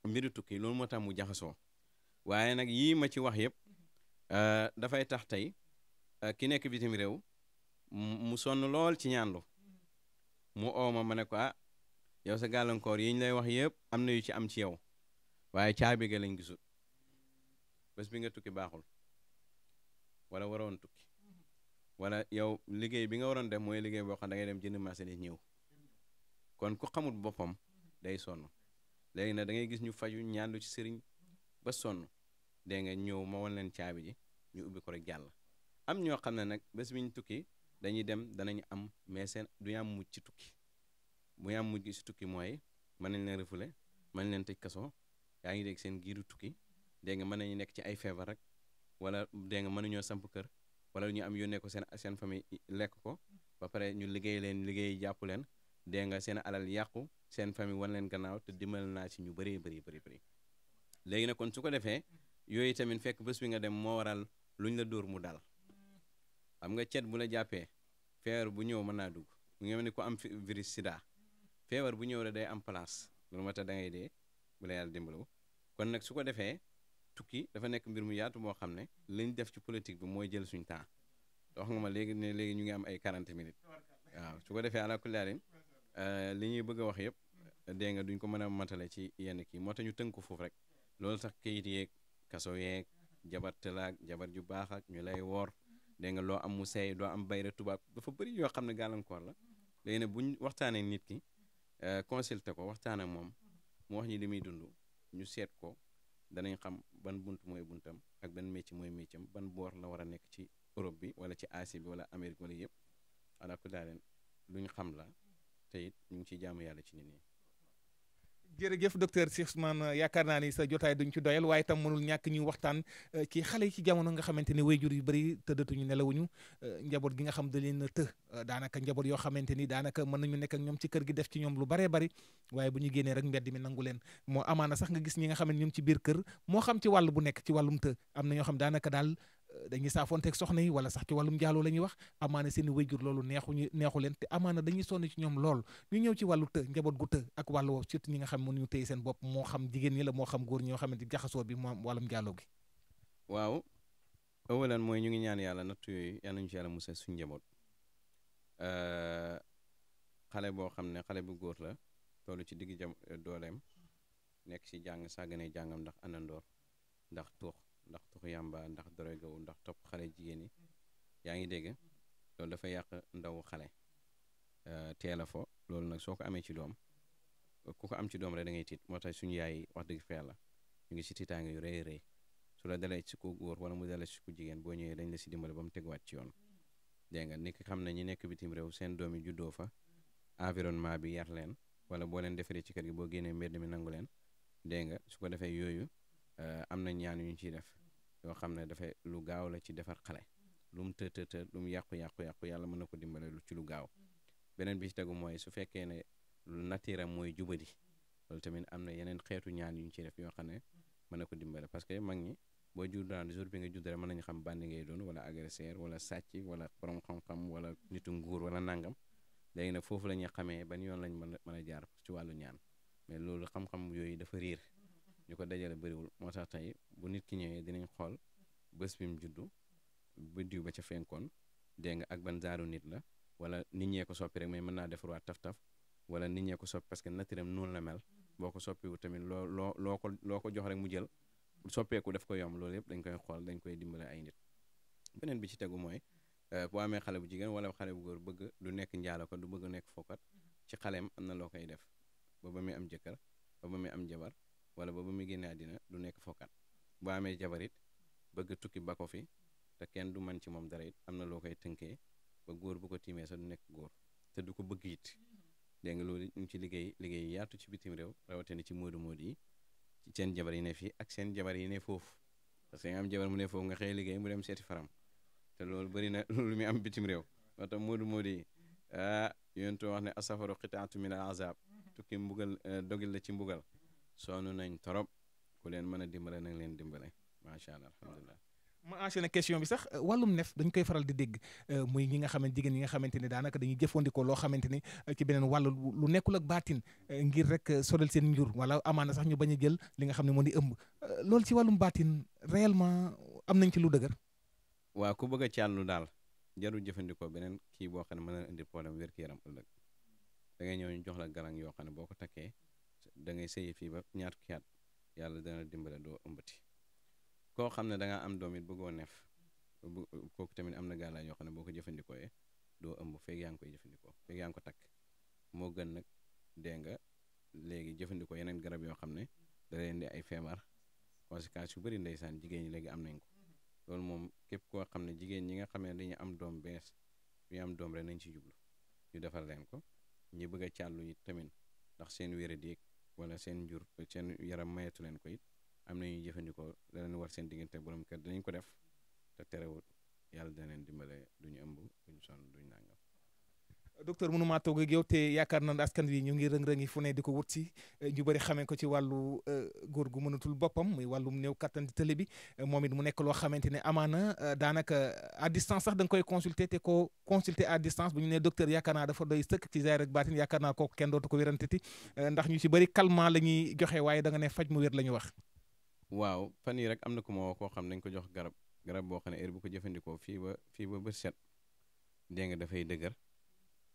Speaker 2: mbiru tukki loolu moo tax mu jaxasoo waaye nag yii ma ci wax yëpp euh, dafay tax tey euh, ki nekk bitim réew mu sonn lool ci ñaanlu mu ooma ma ne ko ah yow sa gàllankoor yi lay wax yëpp am na yu ci am ci yow waaye caabi ga lañ gisul bés bi nga tukki baaxul wala waroon tukki wala yow liggéey bi nga waroon dem mooy liggéey boo xam da ngay dem jënd marché ñëw kon ku xamul boppam day sonn léegi nag da ngay gis ñu faju ñaandu ci sëriñ ba sonn dee nga ñëw ma leen caabi ji ñu ubbi ko rek jàll am ñoo xam ne nag bés bi ñu tukki dañuy dem danañ am mais seen du am mujj ci tukki mu ñu am mujj ci tukki mooy mën nañ leen refoulé mën leen tëj kaso yaa ngi dégg seen giiru tukki dégg nga mën nañu nekk ci ay feebar rek wala dégg nga mënuñoo samp kër wala ñu am yónnee ko seen seen famille lekk ko ba pare ñu liggéey leen liggéey jàpp leen dégg nga seen alal yàqu seen famille wan leen gannaaw te dimbal naa si ñu bëree bëri bëri bëri léegi nag kon su ko defee yooyu tamit fekk bés bi nga dem moo waral luñ la dóor mu dal xam nga cet bu la jàppee feebar bu ñëw mën naa dugg mu ngi mel ni ku am virus sida feebar bu ñëw rek day am place loolu moo tax da ngay dee bu la yàlla dimbaloo kon nag su ko defee tukki dafa nekk mbir mu yaatu moo xam ne liñ def ci politique bi mooy jël suñ temps wax nga ma léegi ne léegi ñu ngi am ay 40 minutes waaw su ko defee alaakulli Euh, li ñuy bëgg a wax yëpp dégg nga duñ ko mën a matale ci yenn kii moo tax ñu tënk ko foofu rek loolu tax kayit yeeg kaso yeeg jabar tëlaak jabar ju baax ak ñu lay woor dégg nga loo am mu seey doo am bayra tubaab dafa bëri yoo xam ne gàllankoor la léegi nag buñ waxtaanee nit ki euh, consulté ko waxtaan ak moom mu wax ñi li muy dund ñu seet ko danañ xam ban bunt mooy buntam ak ban métier mooy métier ban boor la war a nekk ci Europe bi wala ci Asie bi wala Amérique wala yëpp alaa kulli luñ xam la te it ñu ngi ciy jaamu yàlla ci nit ñi.
Speaker 1: jërëjëf docteur Cheikh Ousmane yaakaar naa ni sa jotaay duñ ci doyal waaye tam mënul ñàkk ñuy waxtaan ki euh, xale yi ci jamono nga xamante ni wayjur yu bari bëri tëddatuñu nelawuñu euh, njaboot gi nga xam da leen euh, daanaka njaboot yoo xamante ni daanaka mën nañu nekk ak ñoom ci kër gi def ci ñoom lu baree bari waaye bu ñu génnee rek mbedd mi nangu leen moo amaana sax nga gis ñi nga xam ne ñoom ci biir kër moo xam ci wàll bu nekk ci wàllum të am na ñoo xam daanaka daal dañuy saafonteeg soxna yi wala sax ci wàllum njaaloo la ñuy wax amaana seen i wéyjur loolu neexuñu neexu leen te amaana dañuy sonn ci ñoom lool ñu ñëw ci wàllu të njaboot gu të ak wàllu woowu surtout ñi nga xam mënuñu téye seen bopp moo xam jigéen ñi la moo xam góor ñi nga xamante jaxasoo bi moom wàllum njaaloo gi
Speaker 2: waaw awalan mooy ñu ngi ñaan yàlla natt yooyu yal nañu ci yàlla musal boo xam ne xale bu góor la toll ci digg jam dooleem nekk ci jàng sàggane jàngam ndax anandoor ndax tuux ndax tuxu yàmba ndax drogue wu ndax topp xale jigéen yi yaa ngi dégg loolu dafa yàq ndaw xale euh, teel a fo loolu nag soo ko amee ci doom ku ko am ci doom rek da ngay tiit moo tax suñu yaay wax dëgg fa la ñu ngi si tiitaange yu rëy rëy su la dalee ci ku góor wala mu dalee ci ku jigéen boo ñëwee dañ la si dimbale ba mu teguwaat ci yoon dégg nga ni xam na ñu nekk bitim réew seen doom yi juddoo fa environnement bi yar leen wala boo leen defaree ci kër gi boo génnee mbedd mi nangu leen dégg nga su ko defee yooyu Euh, am na ñaan yu ñu ciy def yoo xam ne dafa lu gaaw la ci defar xale lu mu tëtë të lu mu yàqu-yàqu-yàqu yàlla mën na ko dimbale lu ci lu gaaw beneen bi ci tegu mooy su fekkee ne lu natiiram mooy jubadi loolu tamit am na yeneen xeetu ñaan yu ñu ciy def yoo xam ne mën na ko dimbale parce que mag ñi boo juddaan jour bi nga judd rek mën nañu xam bandi ngay doon wala agresseur wala sàcc wala borom xam-xam wala nitu nguur wala nangam léegi nag foofu la ñuy xamee ban yoon lañ mën a mën a jaar ci wàllu ñaan mais loolu xam-xam yooyu dafa riir ñu ko dajale bëriwul moo tax tey bu nit ki ñëwee dinañ xool bés bi mu juddu biddiw ba ca fenkoon dégg nga ak ban zaaru nit la wala nit ñee ko soppi rek may mën naa defarwaat taf-taf wala nit ñee ko soppi parce que natiram noonu la mel boo ko soppiwu tamit loo loo loo ko loo ko jox rek mu jël soppeeku def ko yom loolu yëpp dañ koy xool dañ koy dimbale ay nit beneen bi ci tegu mooy euh, boo amee xale bu jigéen wala xale bu góor bëgg du nekk njaalo ko du bëgg nekk fokkat ci xaleem am na loo koy def ba am jëkkër ba ba wala ba ba mu génne àddina du nekk fokkat bu amee jabarit bëgg tukki ba fi te kenn du man ci moom dara it am na loo koy tënkee ba góor bu ko tiimee sax du nekk góor te du ko bëgg it dégg nga loolu ñu ci liggéey liggéey yaatu ci bitim réew rawatina ci moodu moodu yi ci seen jabar yi ne fii ak seen jabar yi ne foofu parce que am jabar mu ne foofu nga xëy liggéey mu dem seeti faram te loolu bëri na loolu [LAUGHS] mu am bitim réew moo tax moodu moodu yi ah yonent wax ne eh, la ci mbugal sonn nañ trop ku leen mën a dimbale nañ leen dimbale macha allah alhamdulilah.
Speaker 1: ma ase na question bi sax wàllum nef dañ koy faral di dégg euh, muy ñi nga xamante jigéen ñi nga xamante ni daanaka dañuy jëfandikoo loo xamante ni euh, ci beneen wàll lu nekkul ak baatin euh, ngir rek sodal seen njur wala amaana sax ñu bañ a jël li nga xam ne moo di ëmb loolu ci wàllum baatin réellement am nañ ci lu dëgër.
Speaker 2: waaw ku bëgg a càllu daal jarul jëfandikoo beneen kii boo xam ne mën na indi problème wér yaram ëllëg da ñu jox la garang yoo xam ne boo ko takkee da ngay sëyi fii ba ñaar fukki at yàlla dana dimbale doo ëmbati koo xam ne da am doom it bëggoo neef kooku tamit am na gàllaay yoo xam ne boo ko jëfandikoo doo ëmb feeg yaa ngi koy jëfandikoo feeg yaa ko takk moo gën nag dee nga léegi jëfandikoo yeneen garab yoo xam ne da leen di ay feebar conséquences yu bari ndeysaan jigéen ñi léegi am nañ ko loolu moom képp koo xam ne jigéen ñi nga xam ne dañu am doom bees ñu am doom rek nañ ci jublu ñu defar leen ko ñi bëgg a càllu yi tamit ndax seen wéer a wala seen njur seen yaram mayetu leen koy am na ñuy jëfandikoo da leen war seen diggante borom kër dañ ko def te terewut yàlla dana leen dimbale duñu ëmb duñu sonn duñu nàngam
Speaker 1: docteur mënumaa toog ak te yaakaar naa ne askan wi ñu ngi rëng-rëngi fu ne di ko wut si ñu bëri xamee ko ci wàllu euh, góor gu mënatul boppam muy wàllum néew kattan di télé bi moom it mu nekk loo xamante ne amaana euh, daanaka à distance sax da nga koy consulter te ko consulter à distance bu ñu nee docteur yaakaar naa dafa doy sëkk ci zaahir ak baatin yaakaar naa kooku kenn dootu ko wéranteti euh, ndax ñu ci bëri calmant la ñuy joxe waaye danga ne faj mu wér la ñu wax.
Speaker 2: waaw fan yii rek am na ku ma koo xam dañ ko jox garab garab boo xam ne heure bu ko jëfandikoo fii ba fii ba bët set dégg nga dafay dëgër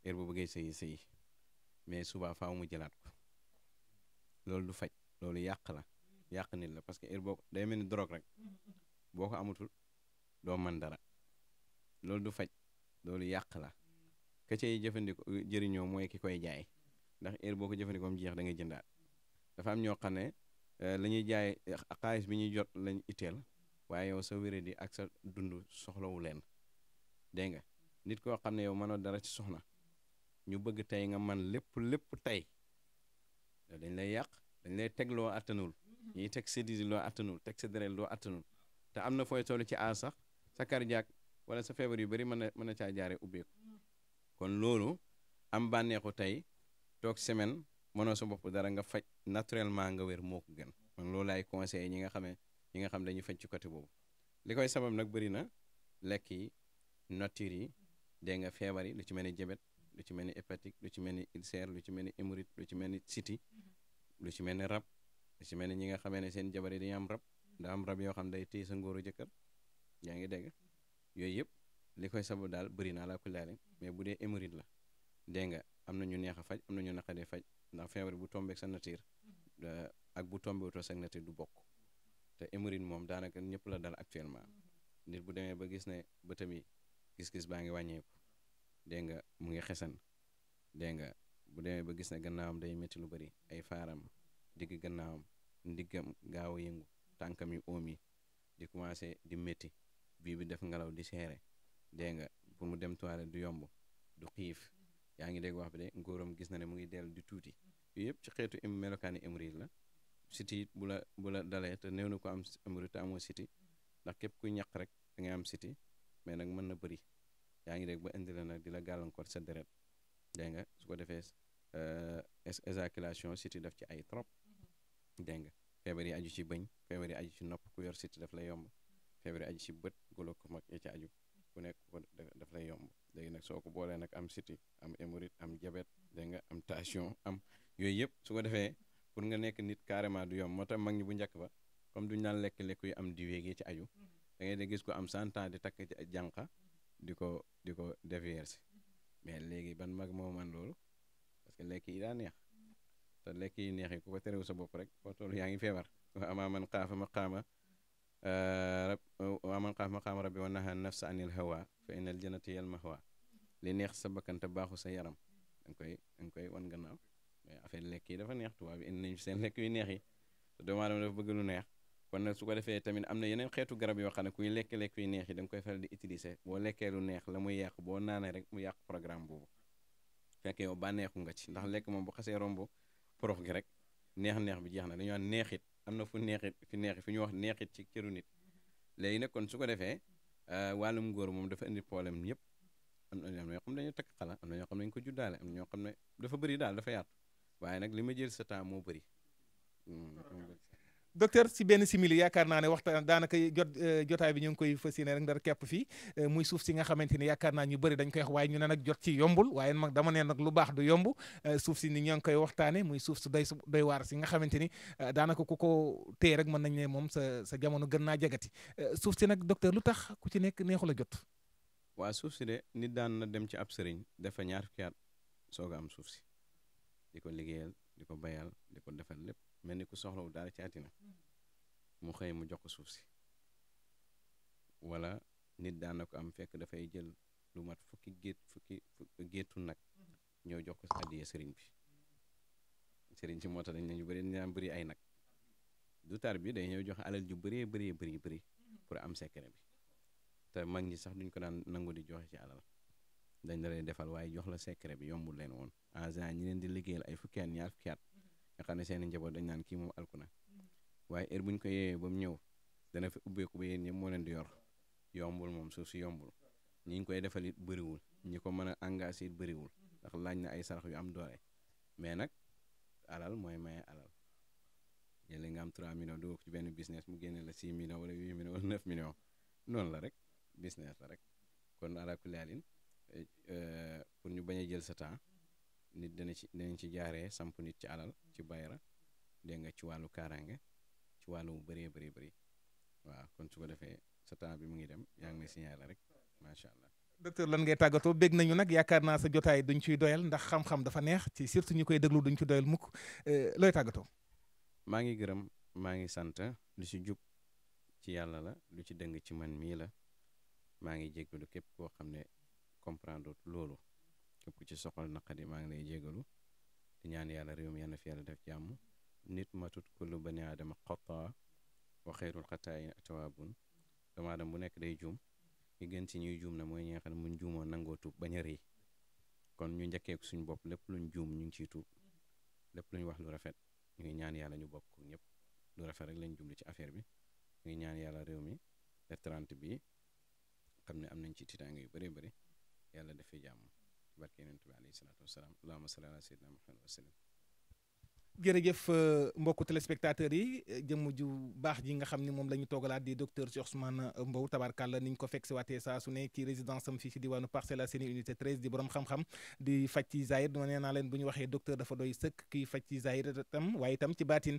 Speaker 2: heure bu bëggee sëyi sëyi mais suba faaw mu jëlaat ko loolu du faj loolu yàq la yàq nit la parce que heure boo day mel ni drogue rek boo ko amatul doo man dara loolu du faj loolu yàq la ka cay jëfandikoo jëriñoo mooy ki koy jaay ndax heure boo ko jëfandikoo mu jeex da ngay jëndaat dafa am ñoo xam ne euh, la ñuy jaay xaalis bi ñuy jot lañu itteel waaye yow sa wéré di ak sa dund soxlawu leen dégg nga nit koo xam ne yow mënoo dara ci soxna ñu bëgg tey nga man lépp lépp tey dañ lay yàq dañ lay teg loo attanul mhm. ñuy teg sa loo attanul teg sa deret loo attanul te am na fooy toll ci aar sax sa cardiaque wala sa feebar yu bëri mën na mën na caa jaare ubbeeku mhm. kon loolu am bànneexu tey toog semaine mënoo sa bopp dara nga faj naturellement nga wér moo ko gën man loolu laay conseillé ñi nga xamee ñi nga xam dañuy faj ci côté boobu li koy sabab nag bëri na lekk yi nature yi dégg nga feebar yi lu ci mel ni jabet lu ci mel ni hépatique lu ci mel ni ulcère lu ci mel ni hémorroïde lu ci mel ni siti mhm. lu ci mel ni rab lu ci mel ni ñi nga xamee ne seen jabar yi dañuy am rab mhm. daa am rab yoo xam ne day téye sa ngóoru jëkkër yaa ngi dégg mhm. yooyu yëpp li koy sabab daal bëri naa laa ko laale mais bu dee hémorroïde la dégg nga am na ñu neex a faj am na ñu naqadee faj ndax feebar bu tombeek sa nature euh, ak bu tombewutoo sa nature du bokk te hémorroïde moom daanaka ñëpp la dal actuellement nit bu demee ba gis ne bëtam yi gis baa ngi wàññeeku dégg nga mu ngi xesan dégg nga bu demee ba gis na gannaawam day métti lu bëri ay faaram digg gannaawam ndiggam gaaw a yëngu tànkam yu oom yi di commencé di métti bii bi def ngelaw di seere dégg nga pour mu dem toilette du yomb du xiif yaa ngi dégg wax bi de ngóoram gis na ne mu ngi dellu di tuuti yooyu yëpp ci xeetu melokaani émoride la siti bu la bu la dalee te new na ko am émoride te amoo siti ndax képp kuy ñaq rek da ngay am siti mais nag mën na bëri yaa ngi dégg ba indi nag di la gàllankoor sa deret dégg nga su ko defee euh, éjaculation siti daf ci ay trop dégg nga feebar yi aju ci bëñ feebar yi aju ci nopp ku yor siti daf lay yomb feebar yi aju ci bët glaucome ak yi ci aju ku nekk ko daf lay yomb léegi nag soo ko boolee nag am siti am hémorroïde am diabète dégg nga am tension am yooyu yëpp su ko defee pour nga nekk nit carrément du yomb moo tax mag ñi bu njëkk ba comme duñu naan lekk lekk yu am diwéeg yi ci aju mm-hmm. da am 100 di takk jànqa di ko di ko déverser mais léegi ban mag moo man loolu parce que lekk yi daa neex te lekk yi neex ko terwu sa bopp rek foo toll yaa ngi feebar wa amaa man xaafa maqaama euh, rab wa amaa man xaafa maqaama rabbi wa naha nafsa anil hawa fa innal jannata yal mahwa li neex sa bakkan te baaxu sa yaram danga koy danga koy wan gannaaw mais affaire lekk yi dafa neex tubaab bi indi nañu seen lekk yu neex yi te doomu bëgg lu neex kon nag su ko defee tamit am na yeneen xeetu garab yoo xam ne kuy lekk lekk yu neex yi da nga koy faral di utiliser boo lekkee lu neex la mu yàq boo naanee rek mu yàq programme boobu fekk bànneexu nga ci ndax lekk moom bu xasee romb porox gi rek neex-neex bi jeex na dañoo neexit am na fu neexit fi neexit fi ñu wax neexit ci cëru nit léegi nag kon su ko defee euh, mu góor moom dafa indi problème yëpp am na ñoo xam ne dañu takk xala am na ñoo xam ne ko juddaale am na ñoo xam ne dafa bëri daal dafa yaatu waaye nag li ma jël sa temps moo bari hmm,
Speaker 1: docteur si benn simili yaakaar naa ne waxtaan daanaka jot euh, jotaay bi ñu ngi koy fas yéene rek ndar kepp fii euh, muy suuf si nga xamante ni yaakaar naa ñu bëri dañ koy wax waaye ñu ne nag jot ci yombul waaye mag dama ne nag lu baax du yomb euh, suuf si ni ñoo ngi koy waxtaane muy suuf su doy su doy waar si nga xamante ni daanaka ku ko téye rek mën nañ ne moom sa sa jamono gën naa jagati suuf si nag docteur lu tax ku ci nekk neexu la jot
Speaker 2: waa suuf si de nit daan na dem ci ab sëriñ dafa ñaar fukki at soog am suuf si di ko liggéeyal di ko bayal di ko defal lépp mel ni ku soxlawul dara ci àddina mm-hmm. mu xëy mu jox ko suuf si wala nit daan na ko am fekk dafay jël lu mat fukki géet fukki géetu nag mm-hmm. ñoo jox ko si àddiya sëriñ bi sëriñ si moo tax dañ ne ñu bëri naan ay nag du tar bii day ñëw joxe alal ju bëree bëree bëri bëri mm-hmm. pour am secret bi te mag ñi sax duñ ko daan nangu di joxe ci alal dañ la lay defal waaye jox la secret bi yombul leen woon en général ñi leen di liggéeyal ay fukki at ñaar fukki at xam ne seen njaboot dañ naan kii moom alku na waaye heure bu ñu ko yeeyee ba mu ñëw dana fi ubbeeku ba yéen ñëpp moo leen di yor yombul moom suuf si yombul ñi ñu koy defal it bëriwul ñi ko mën a engagé it bëriwul ndax laaj na ay sarax yu am doole mais nag alal mooy maye alal yéen nga am 3 millions ci benn business mu génne la 6 millions wala 8 millions wala 9 millions noonu la rek business la rek kon alaakulaalin eh, eh, pour ñu bañ a jël sa temps nit dana ci danañ ci jaaree samp nit ci alal ci bayra dégg nga ci wàllu kaaraange ci wàllu bu bëree bëri bëri waaw kon su ko defee sa temps bi mu ngi dem yaa ngi may signaler rek macha allah.
Speaker 1: docteur lan ngay tàggatoo bég nañu nag yaakaar naa sa jotaay duñ ciy doyal ndax xam-xam dafa neex ci surtout ñu koy déglu duñ ci doyal mukk euh, looy tàggatoo.
Speaker 2: maa ngi gërëm maa ngi sant lu ci jub ci yàlla la lu ci dëng ci man mii la maa ngi jéggalu képp koo xam ne comprendre loolu. képp ku ci soxal naqari maa ngi lay jégalu di ñaan yàlla réew mi yàlla fi yàlla def jàmm nit matut kullu bani aadama xataa wa xeyrul xataayin atawaabun doomu aadama bu nekk day juum ñi gën ci ñuy juum na mooy ñi nga xam ne mun juumoo nangoo tuub bañ kon ñu njëkkeeku suñu bopp lépp luñ juum ñu ngi ciy lépp luñ wax lu rafet ñu ngi ñaan yàlla ñu bokk ñëpp lu rafet rek lañ jublu ci affaire bi ñu ngi ñaan yàlla réew mi le 30 bi xam ne am nañ ci tiitaange yu bëree bëri yàlla dafay jàmm barke yonent bi aleyhi salaatu wasalaam allahuma salli ala sayyidina muhammad wa sallam
Speaker 1: jërëjëf euh, mbokku téléspectateurs yi euh, jëmm ju baax ji nga xam ni moom lañu ñu toogalaat di docteur Cheikh Ousmane euh, Mbow la ni ñu ko fekk si waatee saa su ne ci résidence am fii si diwaanu Parcelles Assainies unité 13 di borom xam-xam di faj ci zahir dama nee naa leen bu ñu waxee docteur dafa doy sëkk kii faj ci zahir tam waaye itam ci baatin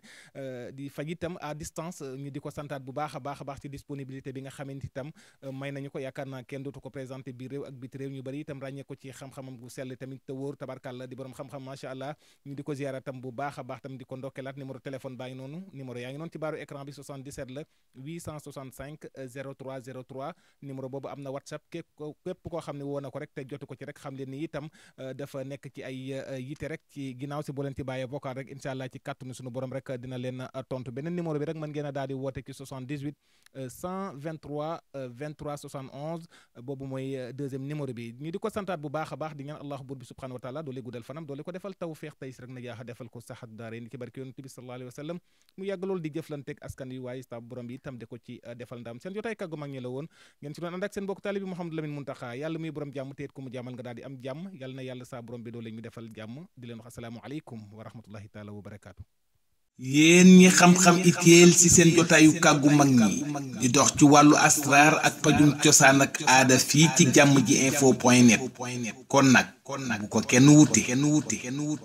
Speaker 1: di faj itam à distance ñu di ko santaat bu baax a baax a baax ci disponibilité bi nga xamante itam may nañu ko yaakaar naa kenn dootu ko présenté biir réew ak biti réew ñu ko ci xam-xamam bu tamit te wóor tabarkàlla di borom xam-xam macha allah di ko ziyaara tam bu baax baax tam di ko ndokkelaat numéro téléphone baa ngi noonu numéro yaa ngi noonu ci écran bi 77 la 865 03 03 numéro boobu am na whatsapp képp ko xam ne woo ko rek te jotu ko ci rek xam leen itam euh, dafa nekk ci ay euh, yite rek ci ginnaaw si boo leen ci bàyyee vocal rek allah ci kàttanu suñu borom rek dina leen euh, tontu beneen numéro bi ñu di ko santaat bu baax a baax di ñaan allah buur bi wa daarayni ci barke yonent bi sallallahu wa sallam mu yàgg loolu di jëflanteeg askan yi waaye sa borom bi itam de ko ci eh, defal ndam seen jotaay kàggu mag ñi la woon ngeen ci doon ànd ak seen bokk taalibi mu xam-xam itéel ci seen jotaayu kàggu mag ñi di dox ci wàllu asraar ak pajum cosaan ak aada fii ci jàmm ji info point net kon nag bu ko kenn wuti